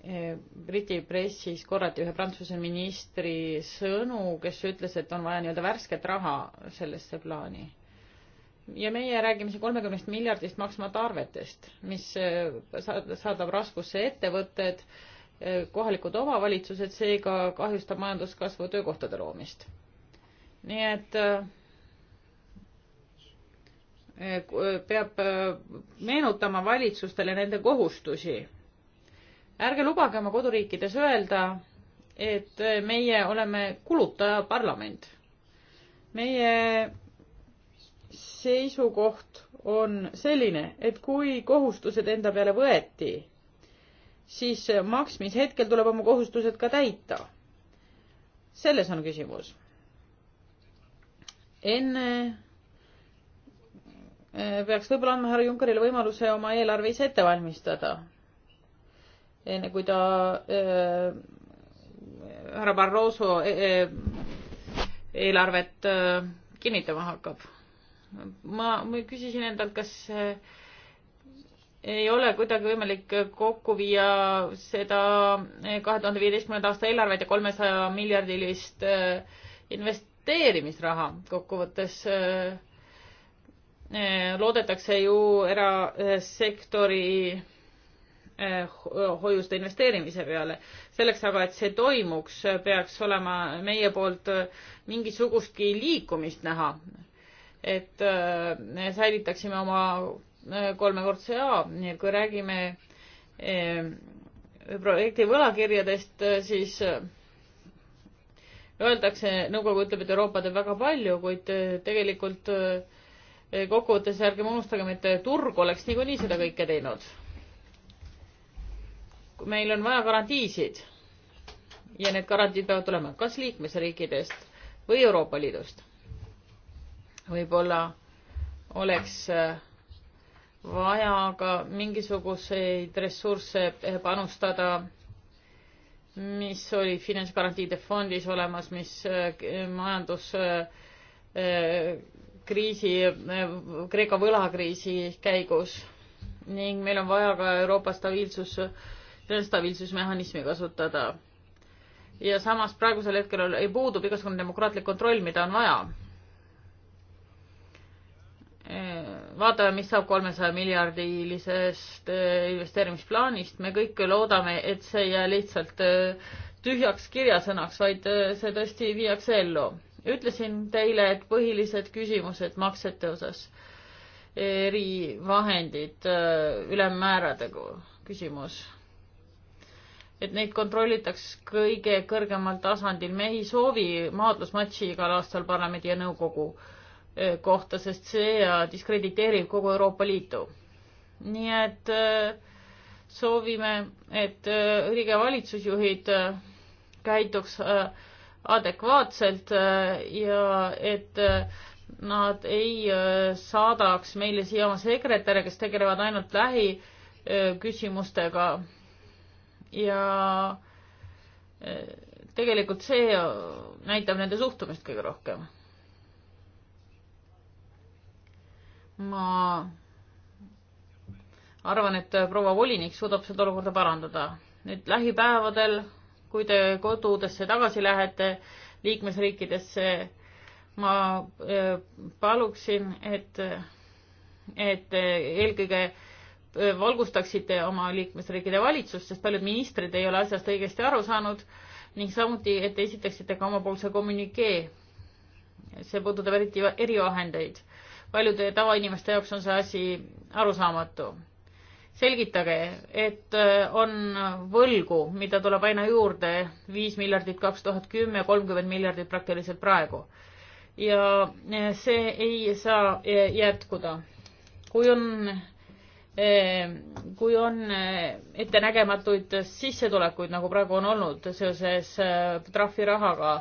Briti pressis korrati ühe Prantsuse ministri sõnu, kes ütles, et on vaja nii-öelda värsket raha sellesse plaani. ja meie räägime siin kolmekümnest miljardist maksmata arvetest, mis äh, saadab raskusse ettevõtted, äh, kohalikud omavalitsused, seega kahjustab majanduskasvu töökohtade loomist. nii et äh, peab meenutama valitsustele nende kohustusi ärge lubage oma koduriikides öelda, et meie oleme kulutaja parlament. meie seisukoht on selline, et kui kohustused enda peale võeti, siis maksmishetkel tuleb oma kohustused ka täita. selles on küsimus. enne eh, peaks võib-olla andma härra Junckerile võimaluse oma eelarve ise ette valmistada enne kui ta äh, härra Barroso äh, äh, eelarvet kinnitama hakkab. ma küsisin endalt, kas ei ole kuidagi võimalik kokku viia seda kahe tuhande viieteistkümnenda aasta eelarvet ja kolmesaja miljardilist investeerimisraha kokkuvõttes loodetakse ju erasektori äh, Eh, eh, hoiuste investeerimise peale. selleks aga, et see toimuks, peaks olema meie poolt eh, mingisugustki liikumist näha. et säilitaksime oma kolmekordse A, nii et kui räägime projekti võlakirjadest, siis öeldakse, nõukogu ütleb, et Euroopa teeb väga palju, kuid tegelikult kokkuvõttes ärgem unustagem, et turg oleks niikuinii seda kõike teinud meil on vaja garantiisid ja need garantiid peavad tulema kas liikmesriikidest või Euroopa Liidust. võib-olla oleks äh, vaja ka mingisuguseid ressursse eh, panustada, mis oli finantsgarantiide fondis olemas, mis äh, majanduskriisi, äh, Kreeka võlakriisi käigus ning meil on vaja ka Euroopa stabiilsus- stabiilsusmehhanismi kasutada. ja samas praegusel hetkel ei puudub igasugune demokraatlik kontroll, mida on vaja. vaatame, mis saab kolmesaja miljardilisest eh, investeerimisplaanist, me kõik loodame, et see ei jää lihtsalt eh, tühjaks kirjasõnaks, vaid eh, see tõesti viiakse ellu. ütlesin teile, et põhilised küsimused maksete osas, erivahendid, ülemmäärade küsimus et neid kontrollitaks kõige kõrgemal tasandil. me ei soovi maadlusmatši igal aastal parlamendi ja nõukogu e, kohta, sest see diskrediteerib kogu Euroopa Liitu. nii et e, soovime, et õige e, valitsusjuhid käituks adekvaatselt ja et nad ei saadaks meile siia oma sekretäre, kes tegelevad ainult lähiküsimustega ja e, tegelikult see näitab nende suhtumist kõige rohkem. ma arvan, et proua volinik suudab seda olukorda parandada. nüüd lähipäevadel, kui te kodudesse tagasi lähete, liikmesriikidesse, ma e, paluksin, et, et e, eelkõige valgustaksite oma liikmesriikide valitsust, sest paljud ministrid ei ole asjast õigesti aru saanud ning samuti, et esitaksite ka omapoolse kommünikee. see puudutab eriti erivahendeid. paljude tavainimeste jaoks on see asi arusaamatu. selgitage, et on võlgu, mida tuleb aina juurde, viis miljardit kaks tuhat kümme, kolmkümmend miljardit praktiliselt praegu. ja see ei saa jätkuda. kui on Ehm, kui on eh, ettenägematuid sissetulekuid, nagu praegu on olnud seoses eh, trahvirahaga,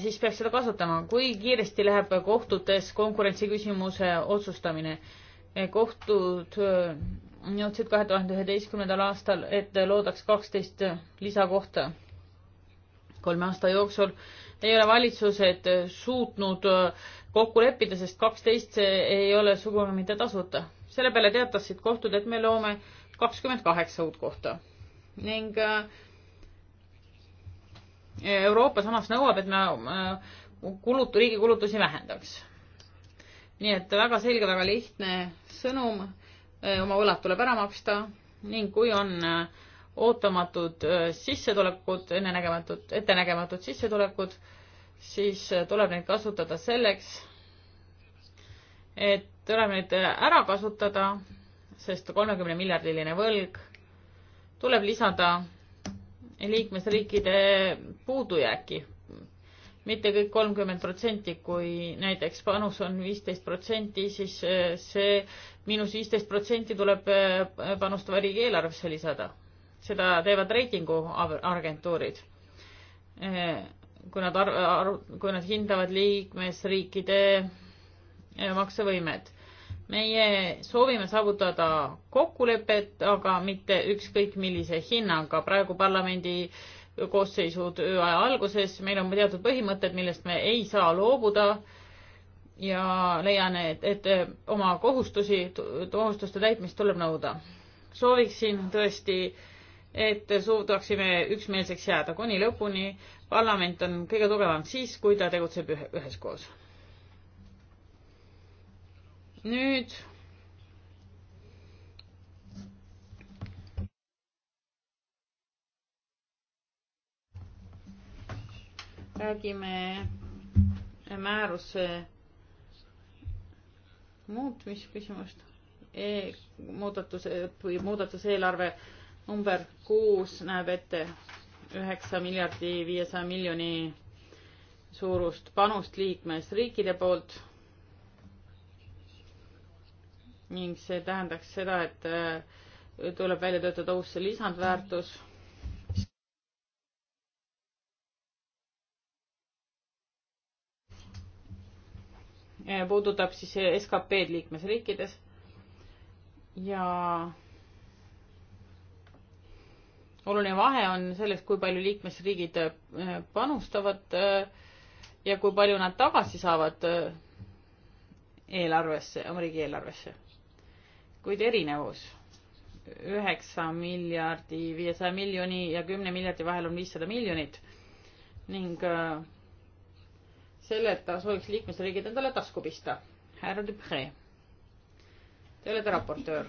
siis peaks seda kasutama. kui kiiresti läheb kohtutes konkurentsiküsimuse otsustamine? Eh, kohtud jõudsid kahe tuhande üheteistkümnendal aastal, et loodaks kaksteist lisakohta kolme aasta jooksul. ei ole valitsused suutnud äh, kokku leppida, sest kaksteist see ei ole sugugi mitte tasuta. selle peale teatasid kohtud, et me loome kakskümmend kaheksa uut kohta ning äh, Euroopa samas nõuab, et me äh, kulutu, riigi kulutusi vähendaks. nii et väga selge, väga lihtne sõnum, äh, oma võlad tuleb ära maksta ning kui on ootamatud sissetulekud, ennenägematud, ettenägematud sissetulekud, siis äh, tuleb neid kasutada selleks, et tuleb neid äh, ära kasutada, sest kolmekümne miljardiline võlg tuleb lisada liikmesriikide puudujääki. mitte kõik kolmkümmend protsenti, kui näiteks panus on viisteist protsenti, siis äh, see miinus viisteist protsenti tuleb panustava riigieelarvesse lisada. seda teevad reitinguagentuurid kui nad ar-, ar-, kui nad hindavad liikmesriikide eh, maksevõimet. meie soovime saavutada kokkulepet, aga mitte ükskõik millise hinnaga. praegu parlamendi koosseisu tööaja alguses meil on teatud põhimõtted, millest me ei saa loobuda ja leian, et, et eh, oma kohustusi, kohustuste täitmist tuleb nõuda. sooviksin tõesti äh, et suudaksime üksmeelseks jääda kuni lõpuni. parlament on kõige tugevam siis, kui ta tegutseb ühe, üheskoos. nüüd. räägime määruse muutmisküsimust e, muudatuse või muudatuseelarve number kuus näeb ette üheksa miljardi viiesaja miljoni suurust panust liikmesriikide poolt ning see tähendaks seda, et äh, tuleb välja töötada uus lisandväärtus puudutab siis SKP-d liikmesriikides ja oluline vahe on selles, kui palju liikmesriigid äh, panustavad äh, ja kui palju nad tagasi saavad äh, eelarvesse, oma riigieelarvesse. kuid erinevus üheksa miljardi, viiesaja miljoni ja kümne miljardi vahel on viissada miljonit ning selle sooviks liikmesriigid endale tasku pista. härra Dupree, te olete raportöör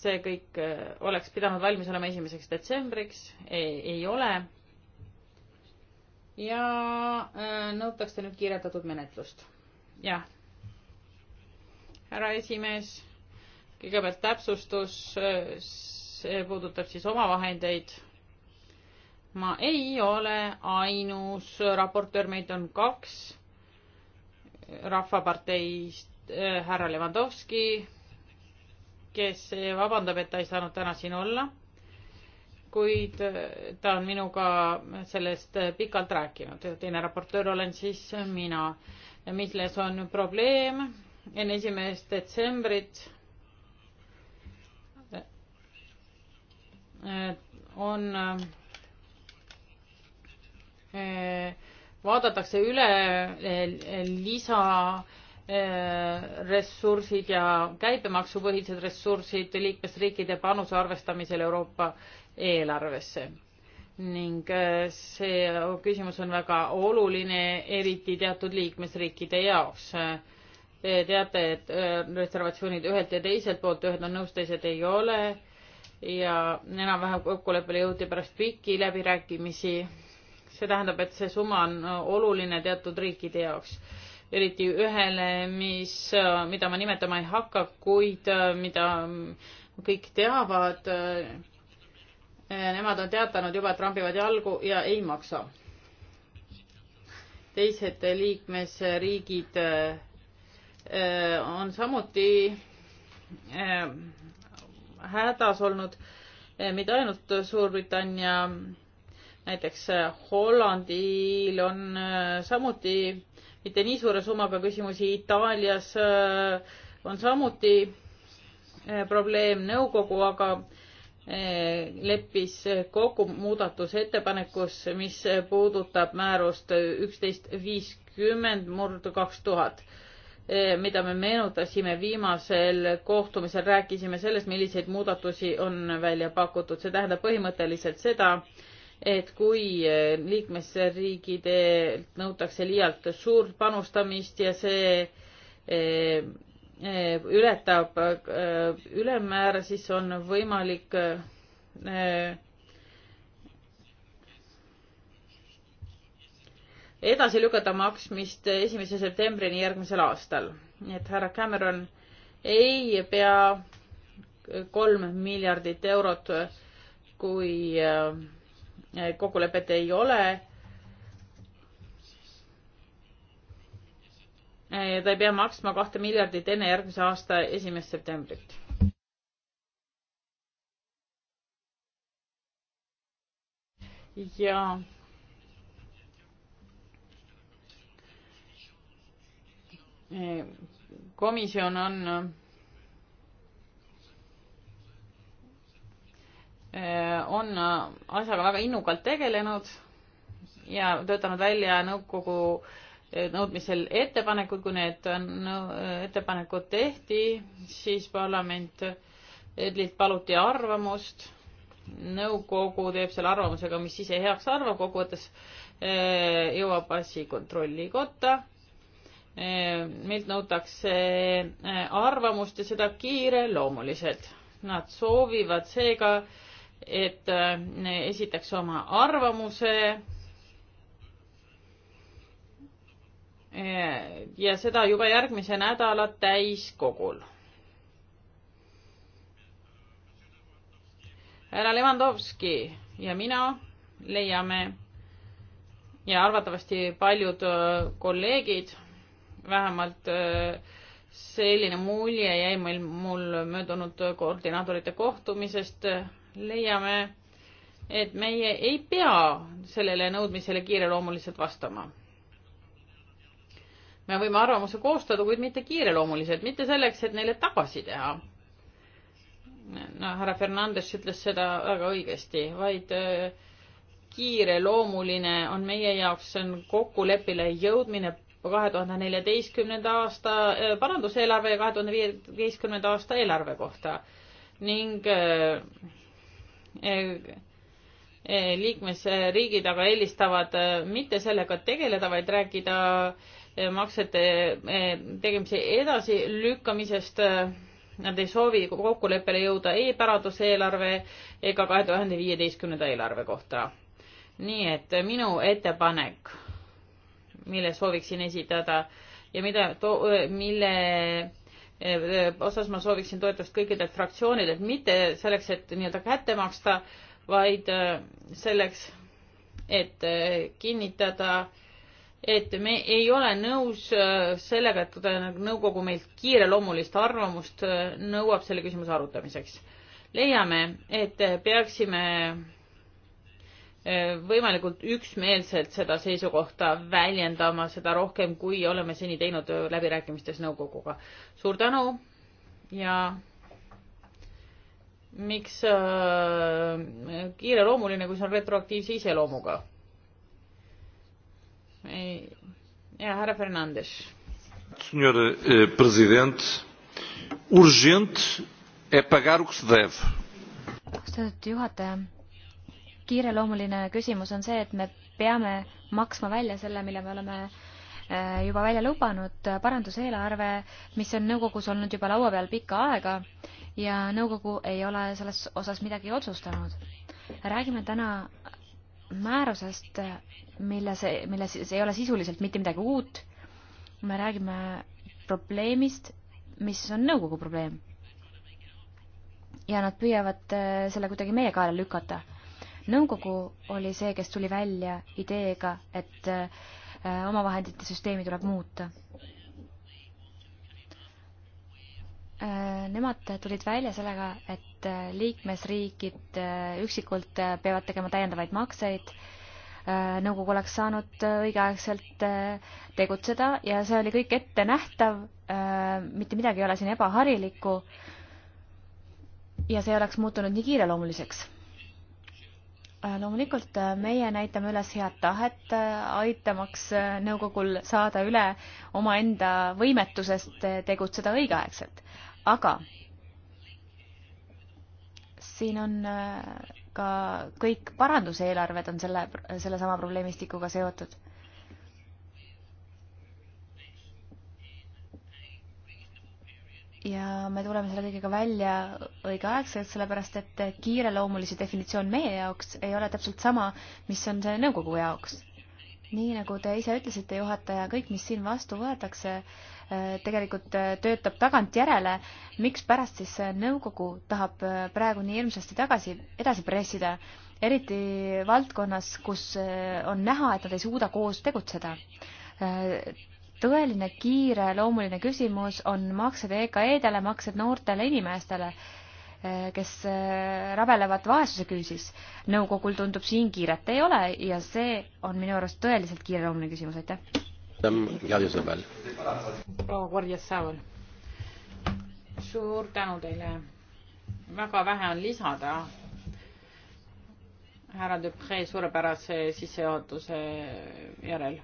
see kõik äh, oleks pidanud valmis olema esimeseks detsembriks, ei ole. ja äh, nõutakse nüüd kiirendatud menetlust. jah. härra esimees, kõigepealt täpsustus, äh, see puudutab siis omavahendeid. ma ei ole ainus raportöör, meid on kaks Rahvaparteist härra Levandovski kes vabandab, et ta ei saanud täna siin olla, kuid äh, ta on minuga sellest äh, pikalt rääkinud. teine raportöör olen siis mina. milles on probleem? enne esimest detsembrit äh, on vaadatakse üle lisa Äh, ressursid ja käibemaksupõhised ressursid liikmesriikide panuse arvestamisel Euroopa eelarvesse. ning äh, see küsimus on väga oluline, eriti teatud liikmesriikide jaoks. Te teate, et äh, reservatsioonid ühelt ja teiselt poolt, ühed on nõus, teised ei ole ja enam-vähem kokkuleppele jõuti pärast pikki läbirääkimisi. see tähendab, et see summa on oluline teatud riikide jaoks eriti ühele, mis, mida ma nimetama ei hakka, kuid äh, mida kõik teavad. Äh, nemad on teatanud juba, et rambivad jalgu ja ei maksa. teised liikmesriigid äh, on samuti hädas olnud, mitte ainult Suurbritannia, näiteks Hollandil on samuti mitte nii suure summaga küsimusi. Itaalias äh, on samuti äh, probleem nõukogu, aga äh, leppis kokku muudatusettepanekus, mis puudutab määrust üksteist viiskümmend murd kaks tuhat, mida me meenutasime viimasel kohtumisel, rääkisime sellest, milliseid muudatusi on välja pakutud. see tähendab põhimõtteliselt seda, et kui eh, liikmesriigidelt nõutakse liialt suurt panustamist ja see eh, eh, ületab ülemmäära, siis on võimalik edasi lükata maksmist esimese septembrini järgmisel aastal. nii et härra Cameron ei pea kolm miljardit eurot kui kokkulepet ei ole. ta ei pea maksma kahte miljardit enne järgmise aasta esimest septembrit. ja komisjon on Äh, on äh, asjaga väga innukalt tegelenud ja töötanud välja nõukogu äh, nõudmisel ettepanekud, kui need ettepanekud tehti, siis parlament, paluti arvamust, nõukogu teeb selle arvamusega, mis ise heaks arvab, kokkuvõttes jõuab asi kontrollikotta. meilt nõutakse arvamust ja seda kiireloomuliselt. Nad soovivad seega äh, et äh, esitaks oma arvamuse äh, ja seda juba järgmise nädala täiskogul. härra Levandovski ja mina leiame ja arvatavasti paljud äh, kolleegid, vähemalt selline mulje jäi meil, mul möödunud koordinaatorite kohtumisest leiame, et meie ei pea sellele nõudmisele kiireloomuliselt vastama. me võime arvamuse koostada, kuid mitte kiireloomuliselt, mitte selleks, et neile tagasi teha. no härra Fernandes ütles seda väga õigesti, vaid öö, äh, kiireloomuline on meie jaoks, see on kokkuleppele jõudmine kahe tuhande neljateistkümnenda aasta äh, paranduseelarve ja kahe tuhande viieteistkümnenda aasta eelarve kohta ning äh, Äh, äh, liikmesriigid aga eelistavad äh, mitte sellega tegeleda, vaid rääkida maksete tegemise edasilükkamisest. Nad ei soovi kokkuleppele jõuda ei päranduseelarve ega kahe tuhande viieteistkümnenda eelarve kohta. nii et minu ettepanek, mille sooviksin esitada ja mida, mille Eh, osas ma sooviksin toetust kõikidelt fraktsioonidelt, mitte selleks, et nii-öelda kätte maksta, vaid eh, selleks, et eh, kinnitada, et me ei ole nõus sellega, et nõukogu meilt kiireloomulist arvamust nõuab selle küsimuse arutamiseks. leiame, et peaksime Eh, võimalikult üksmeelselt seda seisukohta väljendama, seda rohkem, kui oleme seni teinud läbirääkimistes nõukoguga. suur tänu ja miks äh, kiireloomuline, kui see on retroaktiivse iseloomuga? ja härra Fernandes. Senhor eh, president, urgent é pagar o que se deve. austatud juhataja kiireloomuline küsimus on see, et me peame maksma välja selle, mille me oleme äh, juba välja lubanud, paranduseelarve, mis on nõukogus olnud juba laua peal pikka aega ja nõukogu ei ole selles osas midagi otsustanud. räägime täna määrusest, milles, milles ei ole sisuliselt mitte midagi uut. me räägime probleemist, mis on nõukogu probleem. ja nad püüavad äh, selle kuidagi meie kaela lükata nõukogu oli see, kes tuli välja ideega, et äh, omavahendite süsteemi tuleb muuta. Äh, nemad tulid välja sellega, et äh, liikmesriigid üksikult peavad tegema täiendavaid makseid, nõukogu oleks saanud õigeaegselt tegutseda ja see oli kõik ettenähtav, mitte midagi ei ole siin ebaharilikku ja see oleks muutunud nii kiireloomuliseks Äh, loomulikult äh, meie näitame üles head tahet, äh, aitamaks nõukogul saada üle omaenda võimetusest tegutseda õigeaegselt. aga siin on ka kõik paranduseelarved on selle, sellesama probleemistikuga seotud ja me tuleme selle kõigega välja õigeaegselt, sellepärast et kiireloomulise definitsioon meie jaoks ei ole täpselt sama, mis on see nõukogu jaoks. nii nagu te ise ütlesite, juhataja, kõik, mis siin vastu võetakse, eh, tegelikult eh, töötab tagantjärele, mikspärast siis nõukogu tahab eh, praegu nii hirmsasti tagasi, edasi pressida, eriti valdkonnas, kus on näha, et nad ei suuda koos tegutseda tõeline kiireloomuline küsimus on maksed EKE-dele, maksed noortele inimestele, eh, kes eh, rabelevad vaesuse küüsis. nõukogul tundub siin kiiret ei ole ja see on minu arust tõeliselt kiireloomuline küsimus, aitäh. proua Korjas-Saval, suur tänu teile. väga vähe on lisada härra Dupree suurepärase sissejuhatuse järel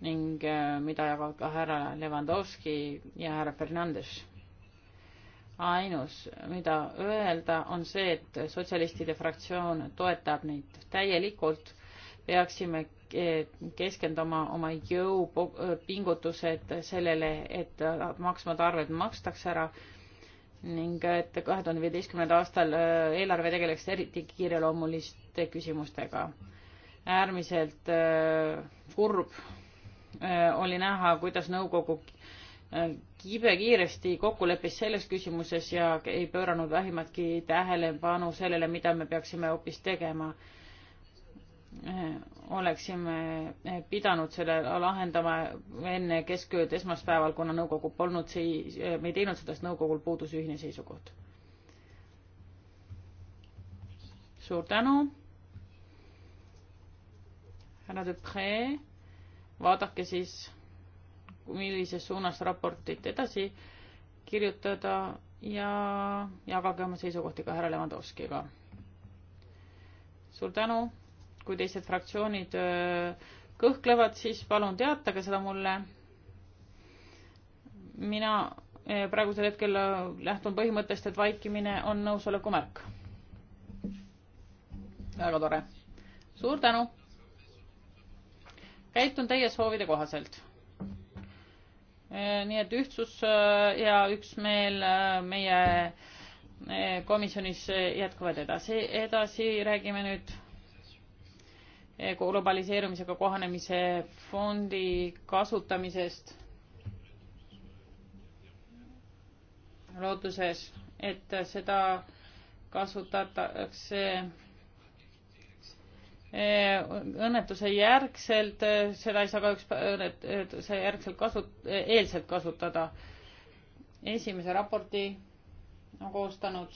ning äh, mida jagavad ka härra Levandovski ja härra Fernandes. ainus, mida öelda, on see, et sotsialistide fraktsioon toetab neid täielikult, peaksime äh, keskenduma oma jõupingutused äh, sellele, et maksmata arved makstakse ära ning et kahe tuhande viieteistkümnendal aastal eelarve tegeleks eriti kiireloomuliste küsimustega. äärmiselt kurb Äh, oli näha, kuidas nõukogu äh, kibe kiiresti kokku leppis selles küsimuses ja ei pööranud vähimatki tähelepanu sellele, mida me peaksime hoopis tegema. Äh, oleksime pidanud selle lahendama enne keskööd esmaspäeval, kuna nõukogu polnud siis, me ei teinud seda, sest nõukogul puudus ühine seisukoht. suur tänu. härra Dupre vaadake siis, millises suunas raportit edasi kirjutada ja jagage oma seisukohti ka härra Levandovskiga. suur tänu, kui teised fraktsioonid äh, kõhklevad, siis palun teatage seda mulle. mina äh, praegusel hetkel äh, lähtun põhimõttest, et vaikimine on nõusoleku märk. väga tore. suur tänu käitun teie soovide kohaselt. Äh, nii et ühtsus äh, ja üksmeel äh, meie komisjonis jätkuvad edasi. edasi räägime nüüd globaliseerumisega kohanemise fondi kasutamisest lootuses, et seda kasutatakse õnnetuse järgselt, äh, seda ei saa kahjuks õnnetuse järgselt kasut-, äh, eelselt kasutada. esimese raporti on koostanud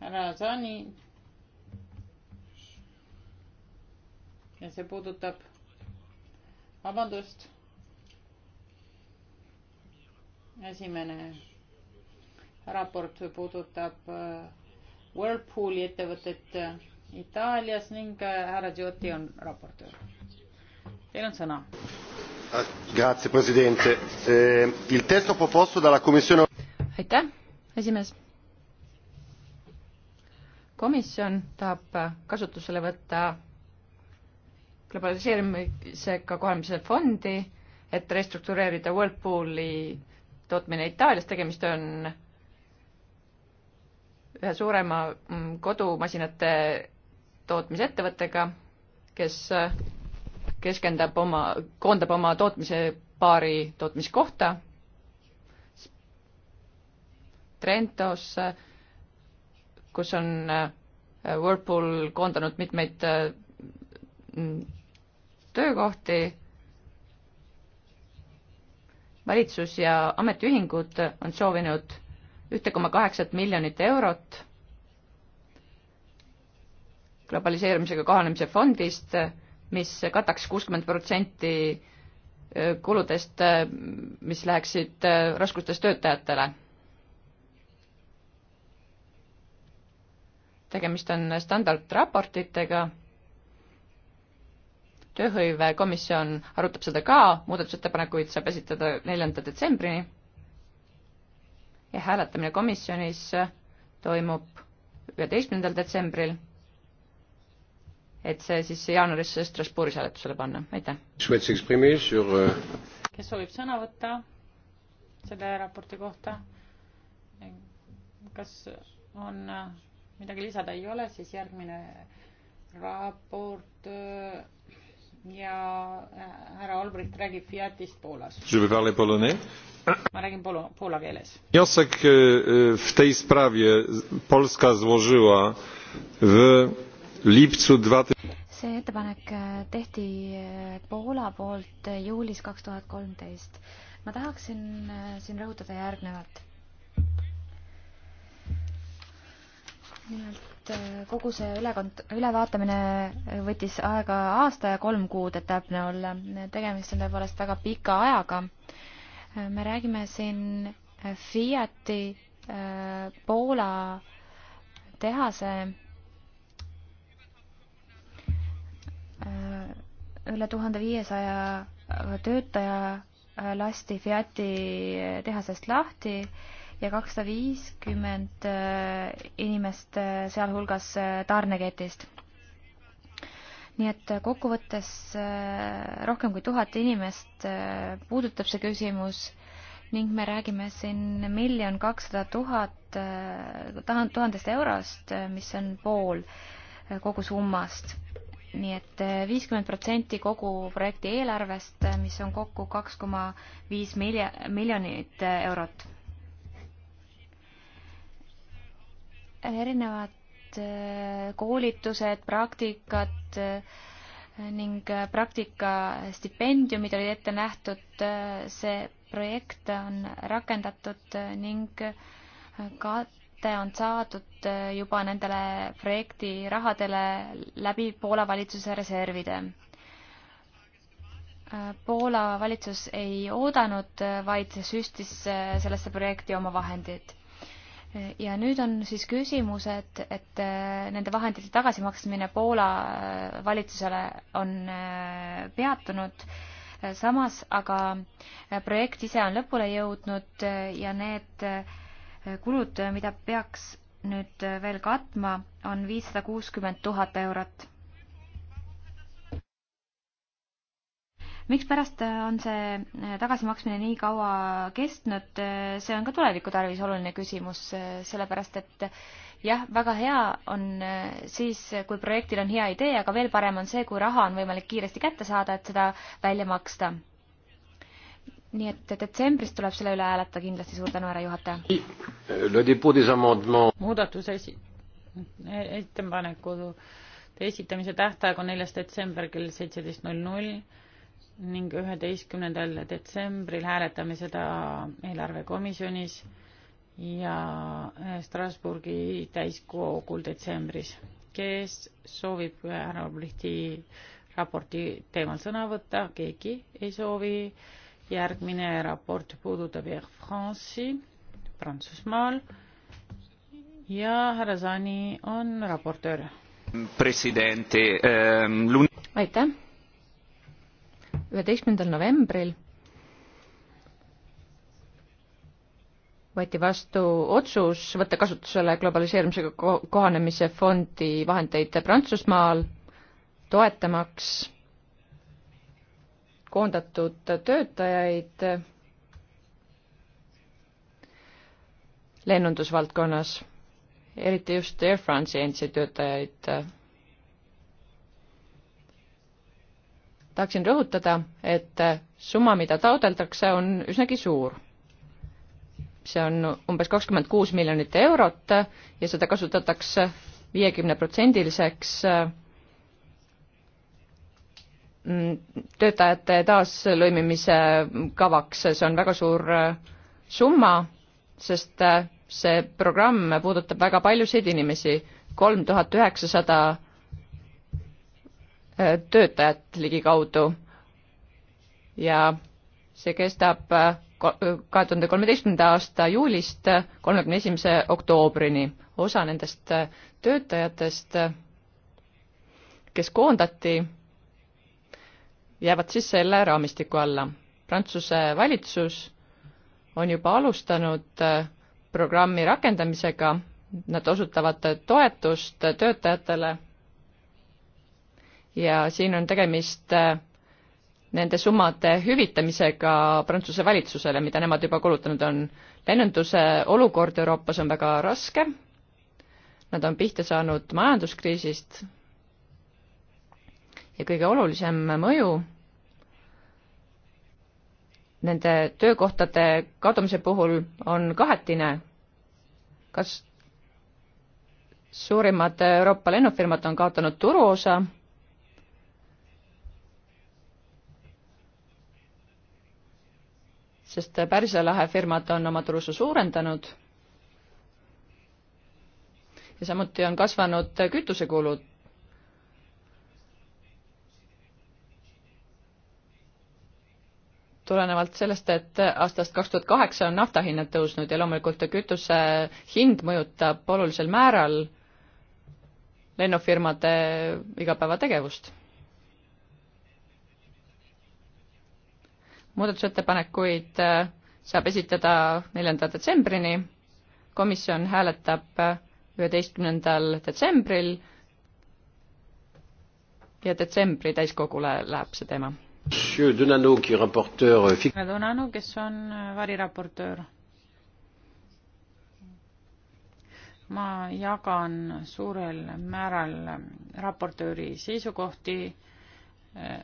härra Zani. ja see puudutab, vabandust, esimene raport puudutab äh, Whirlpooli ettevõtet Itaalias ning äh, härra Giotti on raportöör. Teil on sõna. Ah, grazie presidente eh,. Il testo proposto dalla commissione. aitäh, esimees. komisjon tahab kasutusele võtta globaliseerimisega kohanemise fondi, et restruktureerida Whirlpooli tootmine Itaalias, tegemist on ühe suurema mm, kodumasinate tootmisettevõttega, kes äh, keskendab oma, koondab oma tootmise paari tootmiskohta Trentos, äh, kus on äh, Whirlpool koondanud mitmeid töökohti. valitsus ja ametiühingud on soovinud ühte koma kaheksat miljonit eurot globaliseerumisega kohanemise fondist, mis kataks kuuskümmend protsenti äh, kuludest, äh, mis läheksid äh, raskustes töötajatele. tegemist on standardraportitega, tööhõivekomisjon arutab seda ka, muudatusettepanekuid saab esitada neljanda detsembrini ja hääletamine komisjonis toimub üheteistkümnendal detsembril et see siis jaanuaris Strasbourgis hääletusele panna, aitäh. Euh, kes soovib sõna võtta selle raporti kohta? kas on äh, midagi lisada, ei ole, siis järgmine raport äh, ja äh, härra Albrecht räägib Fiatist Poolas. ma räägin poola, poola keeles. wniosek w tej sprawie Polska złożyła w see ettepanek äh, tehti äh, Poola poolt juulis kaks tuhat kolmteist. ma tahaksin äh, siin rõhutada järgnevat. nimelt kogu see ülekond, ülevaatamine võttis aega aasta ja kolm kuud, et täpne olla. tegemist on tõepoolest väga pika ajaga. me räägime siin Fiati Poola tehase üle tuhande viiesaja äh, töötaja äh, lasti Fiati äh, tehasest lahti ja kakssada viiskümmend inimest sealhulgas tarneketist. nii et kokkuvõttes rohkem kui tuhat inimest puudutab see küsimus ning me räägime siin miljon kakssada tuhat tuhandest eurost, mis on pool kogu summast nii et äh, viiskümmend protsenti kogu projekti eelarvest, äh, mis on kokku kaks koma viis milja-, miljonit äh, eurot. erinevad koolitused, praktikad ning praktikastipendiumid olid ette nähtud, see projekt on rakendatud ning ka kätte on saadud äh, juba nendele projektirahadele läbi Poola valitsuse reservide. Äh, Poola valitsus ei oodanud, äh, vaid süstis sellesse projekti oma vahendid. ja nüüd on siis küsimus, et, et nende vahendite tagasimaksmine Poola valitsusele on peatunud samas aga projekt ise on lõpule jõudnud ja need kulud, mida peaks nüüd veel katma, on viissada kuuskümmend tuhat eurot. mikspärast on see tagasimaksmine nii kaua kestnud, see on ka tuleviku tarvis oluline küsimus, sellepärast et jah, väga hea on siis, kui projektil on hea idee, aga veel parem on see, kui raha on võimalik kiiresti kätte saada, et seda välja maksta nii et detsembris tuleb selle üle hääletada kindlasti, suur tänu, härra juhataja. muudatuse esi-, e-, ettepanekute esitamise tähtaeg on neljas detsember kell seitseteist null null ning üheteistkümnendal detsembril hääletame seda eelarvekomisjonis ja e, Strasburgi täiskogul detsembris. kes soovib e, härra Oblihti raporti teemal sõna võtta, keegi ei soovi järgmine raport puudutab Air France'i Prantsusmaal ja härra Zani on raportöör. presidenti ähm, lun-. aitäh. üheteistkümnendal novembril võeti vastu otsus võtta kasutusele globaliseerumisega kohanemise fondi vahendeid Prantsusmaal, toetamaks koondatud töötajaid lennundusvaldkonnas, eriti just Air France'i endisi töötajaid. tahaksin rõhutada, et summa, mida taodeldakse, on üsnagi suur. see on umbes kakskümmend kuus miljonit eurot ja seda kasutatakse viiekümneprotsendiliseks töötajate taaslõimimise kavaks, see on väga suur äh, summa, sest äh, see programm puudutab väga paljusid inimesi, kolm tuhat üheksasada äh, töötajat ligikaudu ja see kestab kahe tuhande kolmeteistkümnenda aasta juulist kolmekümne esimese oktoobrini. osa nendest töötajatest, kes koondati jäävad siis selle raamistiku alla. Prantsuse valitsus on juba alustanud äh, programmi rakendamisega, nad osutavad toetust töötajatele ja siin on tegemist äh, nende summade hüvitamisega Prantsuse valitsusele, mida nemad juba kulutanud on. lennunduse olukord Euroopas on väga raske, nad on pihta saanud majanduskriisist, ja kõige olulisem mõju nende töökohtade kadumise puhul on kahetine. kas suurimad Euroopa lennufirmad on kaotanud turuosa? sest Pärsia lahe firmad on oma turuosa suurendanud. ja samuti on kasvanud kütusekulud tulenevalt sellest, et aastast kaks tuhat kaheksa on naftahinnad tõusnud ja loomulikult kütuse hind mõjutab olulisel määral lennufirmade igapäevategevust. muudatusettepanekuid äh, saab esitada neljanda detsembrini, komisjon hääletab äh, üheteistkümnendal detsembril ja detsembri täiskogule läheb see teema Donano, euh, kes on äh, variraportöör. ma jagan suurel määral äh, raportööri seisukohti. Äh,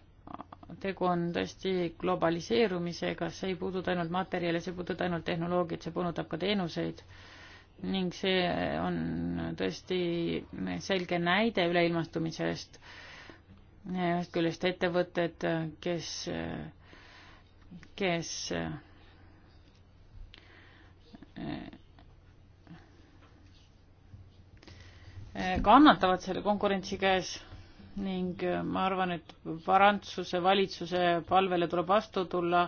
tegu on tõesti globaliseerumisega, see ei puuduta ainult materjale, see ei puuduta ainult tehnoloogiat, see puudutab ka teenuseid ning see on tõesti selge näide üleilmastumisest ühest küljest ettevõtted, kes, kes kannatavad selle konkurentsi käes ning ma arvan, et Prantsuse valitsuse palvele tuleb vastu tulla.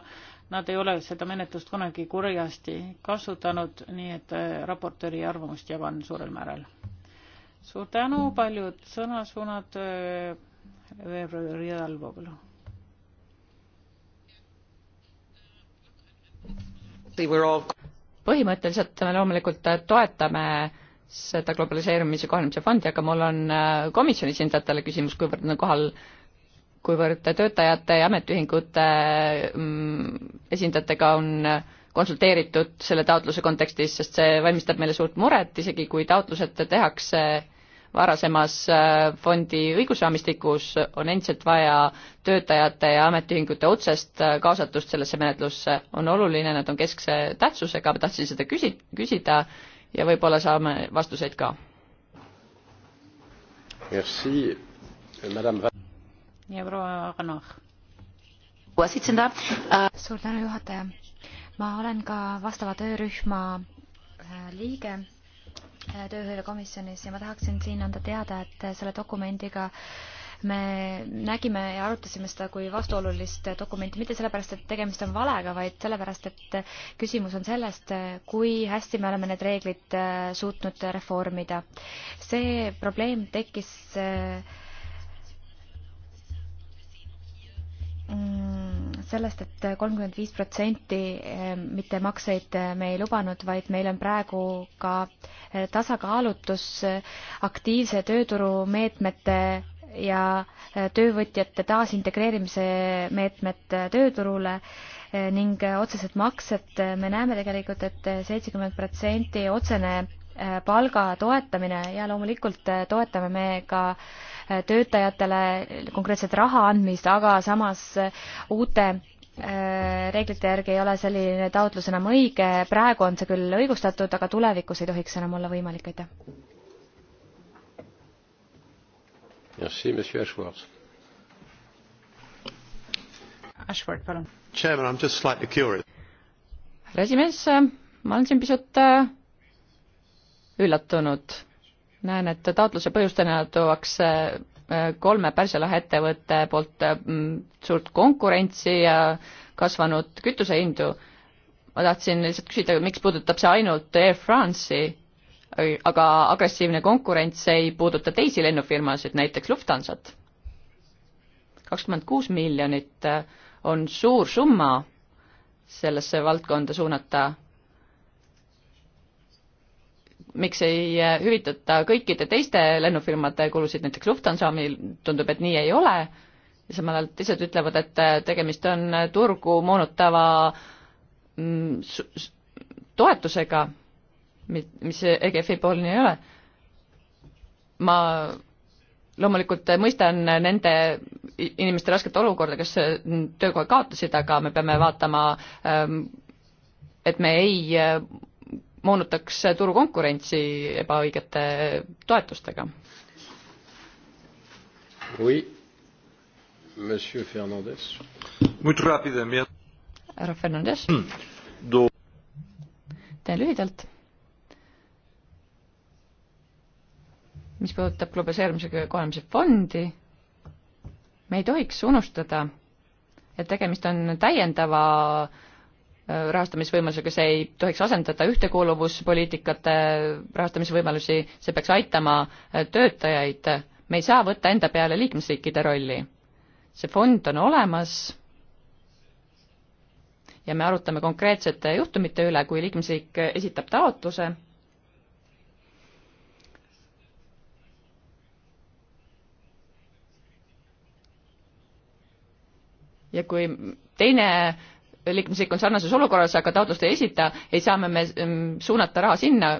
Nad ei ole seda menetlust kunagi kurjasti kasutanud, nii et äh, raportööri arvamust jagan suurel määral. suur tänu, paljud sõnasuunad äh, veebruario del pueblo. põhimõtteliselt me loomulikult äh, toetame seda globaliseerumise kohanemise fondi, aga mul on äh, komisjoni esindajatele küsimus, kuivõrd on kohal kuivõrd töötajate ja ametiühingute mm, esindajatega on äh, konsulteeritud selle taotluse kontekstis, sest see valmistab meile suurt muret, isegi kui taotlused tehakse varasemas äh, fondi õigusraamistikus on endiselt vaja töötajate ja ametiühingute otsest äh, kaasatust sellesse menetlusse, on oluline, nad on keskse tähtsusega, ma tahtsin seda küsi-, küsida ja võib-olla saame vastuseid ka. Merci, madame. ja proua Ranoh. Äh, suur tänu, juhataja. ma olen ka vastava töörühma liige Äh, tööhõivekomisjonis ja ma tahaksin siin anda teada, et äh, selle dokumendiga me nägime ja arutasime seda kui vastuolulist äh, dokumenti, mitte sellepärast, et tegemist on valega, vaid sellepärast, et küsimus on sellest, kui hästi me oleme need reeglid suutnud reformida. see probleem tekkis mm, sellest et, et kolmkümmend viis protsenti eh, mitte makseid eh, me ei lubanud, vaid meil on praegu ka eh, tasakaalutus aktiivse tööturumeetmete ja töövõtjate taasintegreerimise meetmed tööturule ning otsesed maksed, me näeme tegelikult et, et seitsekümmend protsenti otsene Äh, palga toetamine ja loomulikult äh, toetame me ka äh, töötajatele konkreetset raha andmist, aga samas uute reeglite järgi ei ole selline taotlus enam õige, praegu on see küll õigustatud, aga tulevikus ei tohiks enam olla võimalik, aitäh. Merci, monsieur Ashworth. Ashworth, palun. Chairman, I am just slightly curious. härra esimees, ma olen siin pisut üllatunud. näen, et taotluse põhjustena tuuakse äh, kolme Pärsia lahe ettevõtte poolt äh, suurt konkurentsi ja kasvanud kütusehindu. ma tahtsin lihtsalt küsida, miks puudutab see ainult Air France'i, äh, aga agressiivne konkurents ei puuduta teisi lennufirmasid, näiteks Lufthansat? kakskümmend kuus miljonit on suur summa sellesse valdkonda suunata miks ei eh, hüvitata kõikide teiste lennufirmade kulusid, näiteks Lufthansa omil tundub, et nii ei ole, ja samal ajal teised ütlevad, et eh, tegemist on eh, turgu moonutava mm, toetusega, mis EGF-i pool nii ei ole. ma loomulikult mõistan nende inimeste rasket olukorda, kes mm, töökoha kaotasid, aga me peame vaatama, ehm, et me ei moonutaks turukonkurentsi ebaõigete toetustega. härra Fernandes. teen lühidalt. mis puudutab globaliseerumisega kohanemise fondi, me ei tohiks unustada, et tegemist on täiendava äh, Äh, rahastamisvõimalusega, see ei tohiks asendada ühtekuuluvuspoliitikate rahastamisvõimalusi, see peaks aitama äh, töötajaid, me ei saa võtta enda peale liikmesriikide rolli. see fond on olemas ja me arutame konkreetsete juhtumite üle, kui liikmesriik esitab taotluse, ja kui teine liikmesriik on sarnases olukorras, aga taotlust ei esita, ei saa me, me mm, suunata raha sinna.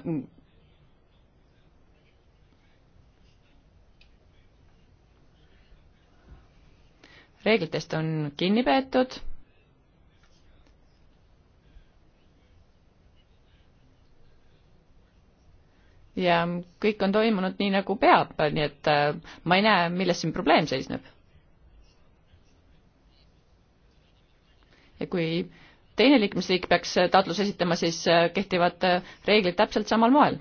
reeglitest on kinni peetud. ja kõik on toimunud nii, nagu peab, nii et äh, ma ei näe, milles siin probleem seisneb ja kui teine liikmesriik peaks taotluse esitama, siis äh, kehtivad äh, reeglid täpselt samal moel.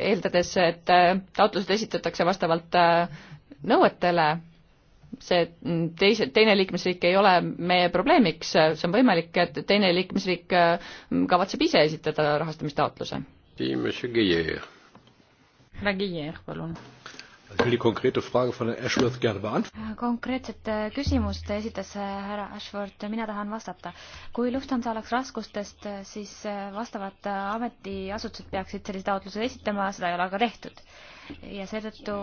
eeldades, et äh, taotlused esitatakse vastavalt nõuetele, see mm, teise, teine liikmesriik ei ole meie probleemiks, see on võimalik, et teine liikmesriik kavatseb ise esitada rahastamistaotluse. Monsieur Guillet Mägier, palun. Äh, konkreetset küsimust esitas äh, härra Ashworth, mina tahan vastata. kui Lufthansa oleks raskustest, äh, siis vastavad ametiasutused peaksid sellise taotluse esitama, seda ei ole aga tehtud ja seetõttu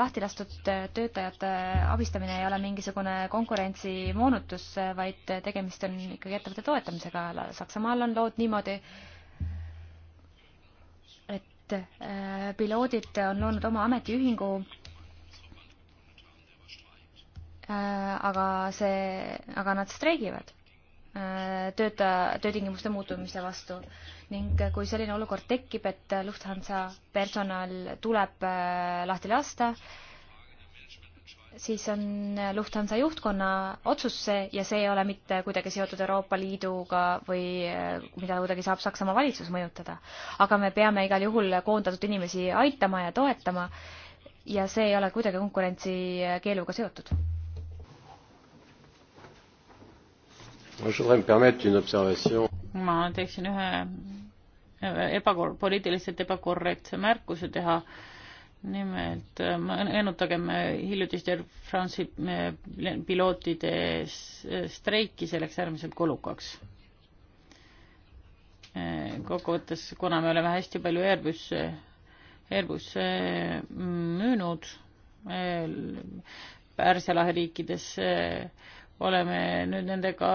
lahti lastud töötajate abistamine ei ole mingisugune konkurentsi moonutus, vaid tegemist on ikkagi ettevõtte toetamisega. Saksamaal on lood niimoodi, et äh, piloodid on loonud oma ametiühingu, äh, aga see, aga nad streigivad äh, töötaja, töötingimuste muutumise vastu. ning kui selline olukord tekib, et Lufthansa personal tuleb lahti lasta, siis on Lufthansa juhtkonna otsus see ja see ei ole mitte kuidagi seotud Euroopa Liiduga või eh, mida kuidagi saab Saksamaa valitsus mõjutada. aga me peame igal juhul koondatud inimesi aitama ja toetama ja see ei ole kuidagi konkurentsi keeluga seotud. ma teeksin ühe ebakorra-, poliitiliselt ebakorrektse märkuse teha nimelt äh, meenutagem äh, hiljutist Air France'i äh, pilootide streiki, see läks äärmiselt kulukaks. kokkuvõttes, kuna me oleme hästi palju Airbus, Airbus müünud Pärsia lahe riikides, oleme nüüd nendega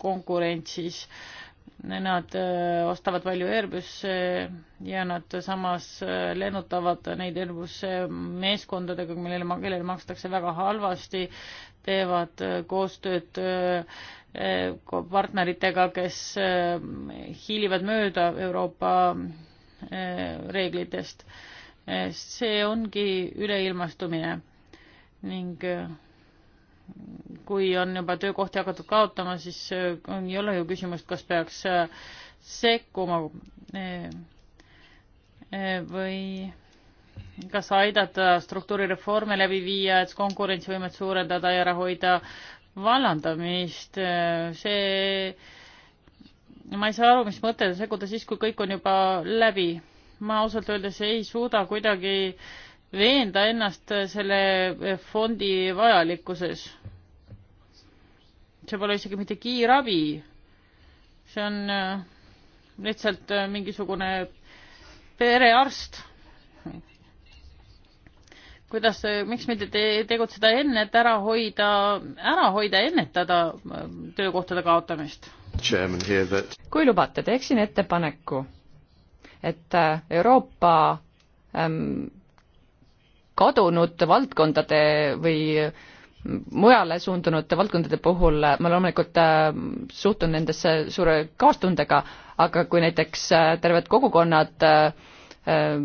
konkurentsis äh, nad äh, ostavad palju Airbusse äh, ja nad samas äh, lennutavad neid Airbusse meeskondadega, millele, kellele makstakse väga halvasti, teevad koostööd partneritega, kes hiilivad mööda Euroopa reeglitest. see ongi üleilmastumine ning kui on juba töökohti hakatud kaotama, siis äh, ei ole ju küsimust, kas peaks äh, sekkuma äh, või kas aidata struktuurireforme läbi viia, et konkurentsivõimet suurendada ja ära hoida vallandamist, see, ma ei saa aru, mis mõte sekkuda siis, kui kõik on juba läbi. ma ausalt öeldes ei suuda kuidagi äh, veenda ennast selle fondi vajalikkuses. see pole isegi mitte kiirabi, see on äh, lihtsalt äh, mingisugune perearst. kuidas, äh, miks mitte te tegutseda enne, et ära hoida, ära hoida, ennetada töökohtade kaotamist? kui lubate, teeksin ettepaneku, et Euroopa ähm, kadunud valdkondade või mujale suundunud valdkondade puhul ma loomulikult äh, suhtun nendesse suure kaastundega, aga kui näiteks äh, terved kogukonnad äh,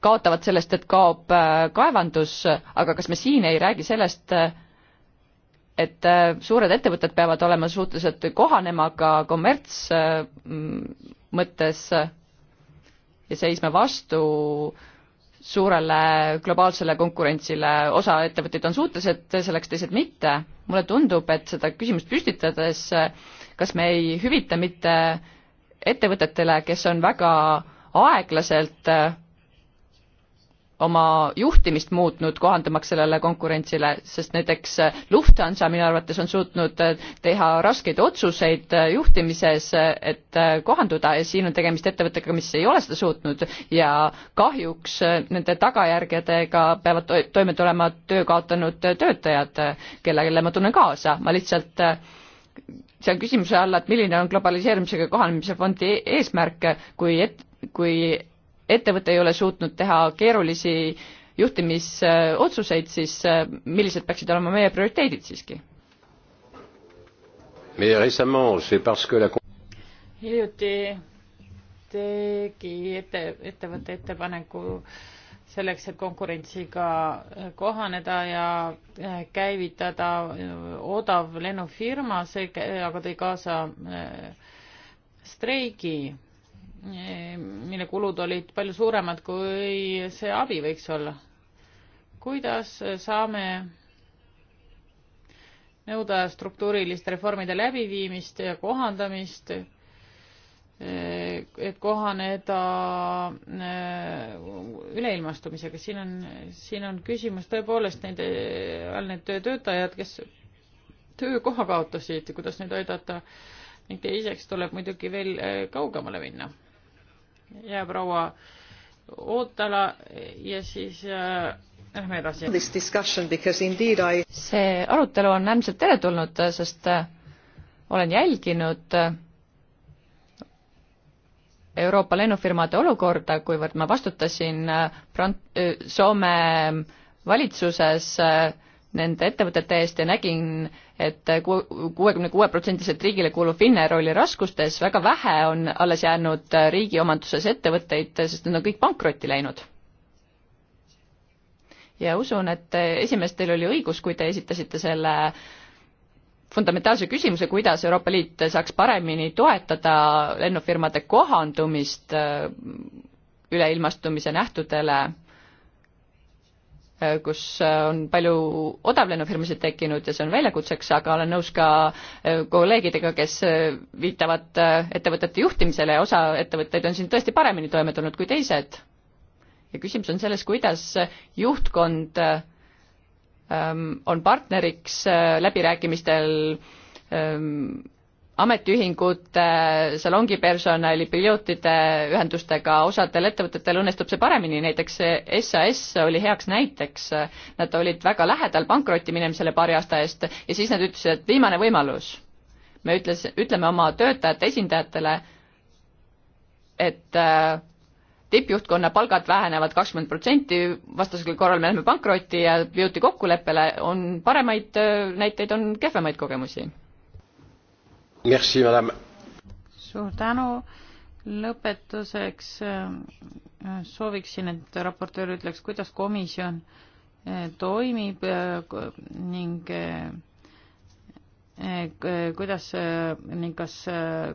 kaotavad sellest, et kaob kaevandus, aga kas me siin ei räägi sellest, et suured ettevõtted peavad olema suutelised kohanema ka kommerts mõttes ja seisma vastu äh, suurele globaalsele konkurentsile, osa ettevõtteid on suutelised selleks, teised mitte. mulle tundub, et seda küsimust püstitades, kas me ei hüvita mitte ettevõtetele, kes on väga aeglaselt oma juhtimist muutnud, kohandamaks sellele konkurentsile, sest näiteks äh, Lufthansa minu arvates on suutnud äh, teha raskeid otsuseid äh, juhtimises, et kohanduda ja siin on tegemist ettevõttega, mis ei ole seda suutnud ja kahjuks nende tagajärgedega peavad toime tulema töö kaotanud töötajad, kellele ma tunnen kaasa, ma lihtsalt see on küsimuse alla, et milline on globaliseerimisega kohanemise fondi e-, eesmärk, kui et, kui ettevõte ei ole suutnud teha keerulisi juhtimisotsuseid, siis äh, millised peaksid olema meie prioriteedid siiski? hiljuti tegi ette, ettevõte ettepaneku selleks, et konkurentsiga äh, kohaneda ja äh, käivitada odav lennufirma, see aga tõi kaasa streigi mille kulud olid palju suuremad, kui see abi võiks olla. kuidas saame nõuda struktuuriliste reformide läbiviimist ja kohandamist, et kohaneda äh, üleilmastumisega, siin on, siin on küsimus tõepoolest nende, all need töötajad, kes töökoha kaotasid, kuidas neid aidata ning teiseks tuleb muidugi veel äh, kaugemale minna ja proua Ootala ja siis äh, lähme edasi. I... see arutelu on äärmiselt teretulnud, sest äh, olen jälginud äh, Euroopa lennufirmade olukorda, kuivõrd ma vastutasin Prant-, äh, Soome valitsuses äh, nende ettevõtete eest ja nägin et, et kuuekümne kuue protsendiliselt riigile kuuluv Finnair oli raskustes, väga vähe on alles jäänud riigi omanduses ettevõtteid, sest nad on kõik pankrotti läinud. ja usun, et esimestel oli õigus, kui te esitasite selle fundamentaalse küsimuse, kuidas Euroopa Liit saaks paremini toetada lennufirmade kohandumist üleilmastumise nähtudele Äh, kus äh, on palju odavlennufirmasid tekkinud ja see on väljakutseks, aga olen nõus ka äh, kolleegidega, kes viitavad ettevõtete juhtimisele ja osa ettevõtteid on siin tõesti paremini toime tulnud kui teised. ja küsimus on selles, kuidas juhtkond ähm, on partneriks läbirääkimistel ähm, ametiühingute, äh, salongi personali, pilootide ühendustega, osadel ettevõtetel õnnestub see paremini, näiteks SAS oli heaks näiteks, nad olid väga lähedal pankrotti minemisele paari aasta eest ja siis nad ütlesid, et viimane võimalus. me ütles, ütleme oma töötajate esindajatele, et äh, tippjuhtkonna palgad vähenevad kakskümmend protsenti, vastasel korral me läheme pankrotti ja jõuti kokkuleppele, on paremaid äh, näiteid, on kehvemaid kogemusi Merci, madame. suur tänu. lõpetuseks äh, sooviksin, et raportöör ütleks, kuidas komisjon äh, toimib äh, ning kuidas ning kas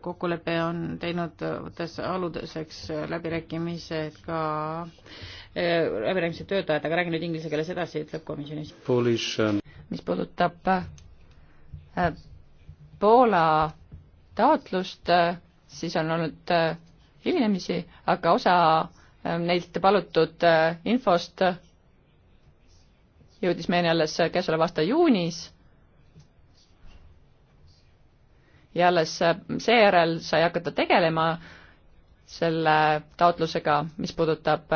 kokkulepe on teinud võttes aluseks läbirääkimised ka läbirääkimised töötajatega, räägin nüüd inglise keeles edasi, ütleb komisjonis. mis puudutab Poola taotlust, äh, siis on olnud äh, hilinemisi, aga osa äh, neilt palutud infost jõudis meieni alles käesoleva aasta juunis ja alles seejärel sai hakata tegelema selle taotlusega, mis puudutab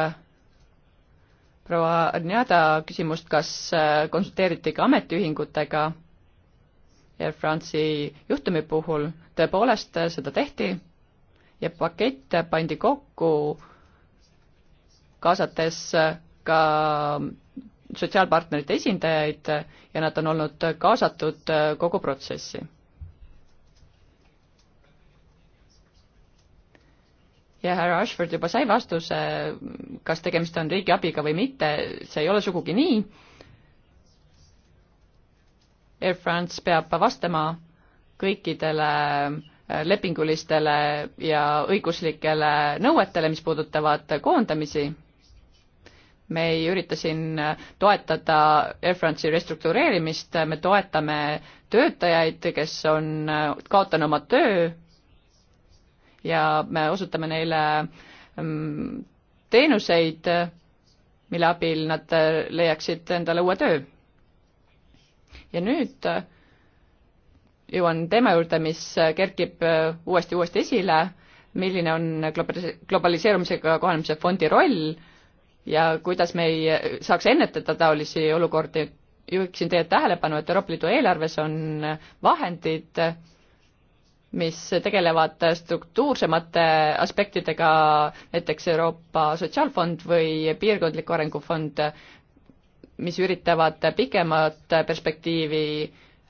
proua Arniada küsimust, kas konsulteeriti ka ametiühingutega Air France'i juhtumi puhul tõepoolest seda tehti ja pakett pandi kokku, kaasates ka sotsiaalpartnerite esindajaid ja nad on olnud kaasatud kogu protsessi. ja härra Ashford juba sai vastuse, kas tegemist on riigiabiga või mitte, see ei ole sugugi nii Air France peab vastama kõikidele äh, lepingulistele ja õiguslikele nõuetele, mis puudutavad koondamisi. me ei ürita siin äh, toetada Air France'i restruktureerimist, me toetame töötajaid, kes on äh, kaotanud oma töö ja me osutame neile mm, teenuseid, mille abil nad leiaksid endale uue töö ja nüüd äh, jõuan teema juurde, mis äh, kerkib uuesti-uuesti äh, esile, milline on globaliseerumisega kohanemise fondi roll ja kuidas me ei saaks ennetada taolisi olukordi. juhiksin teie tähelepanu, et Euroopa Liidu eelarves on vahendid, mis tegelevad struktuursemate aspektidega, näiteks Euroopa Sotsiaalfond või Piirkondliku Arengu Fond, mis üritavad pikemat perspektiivi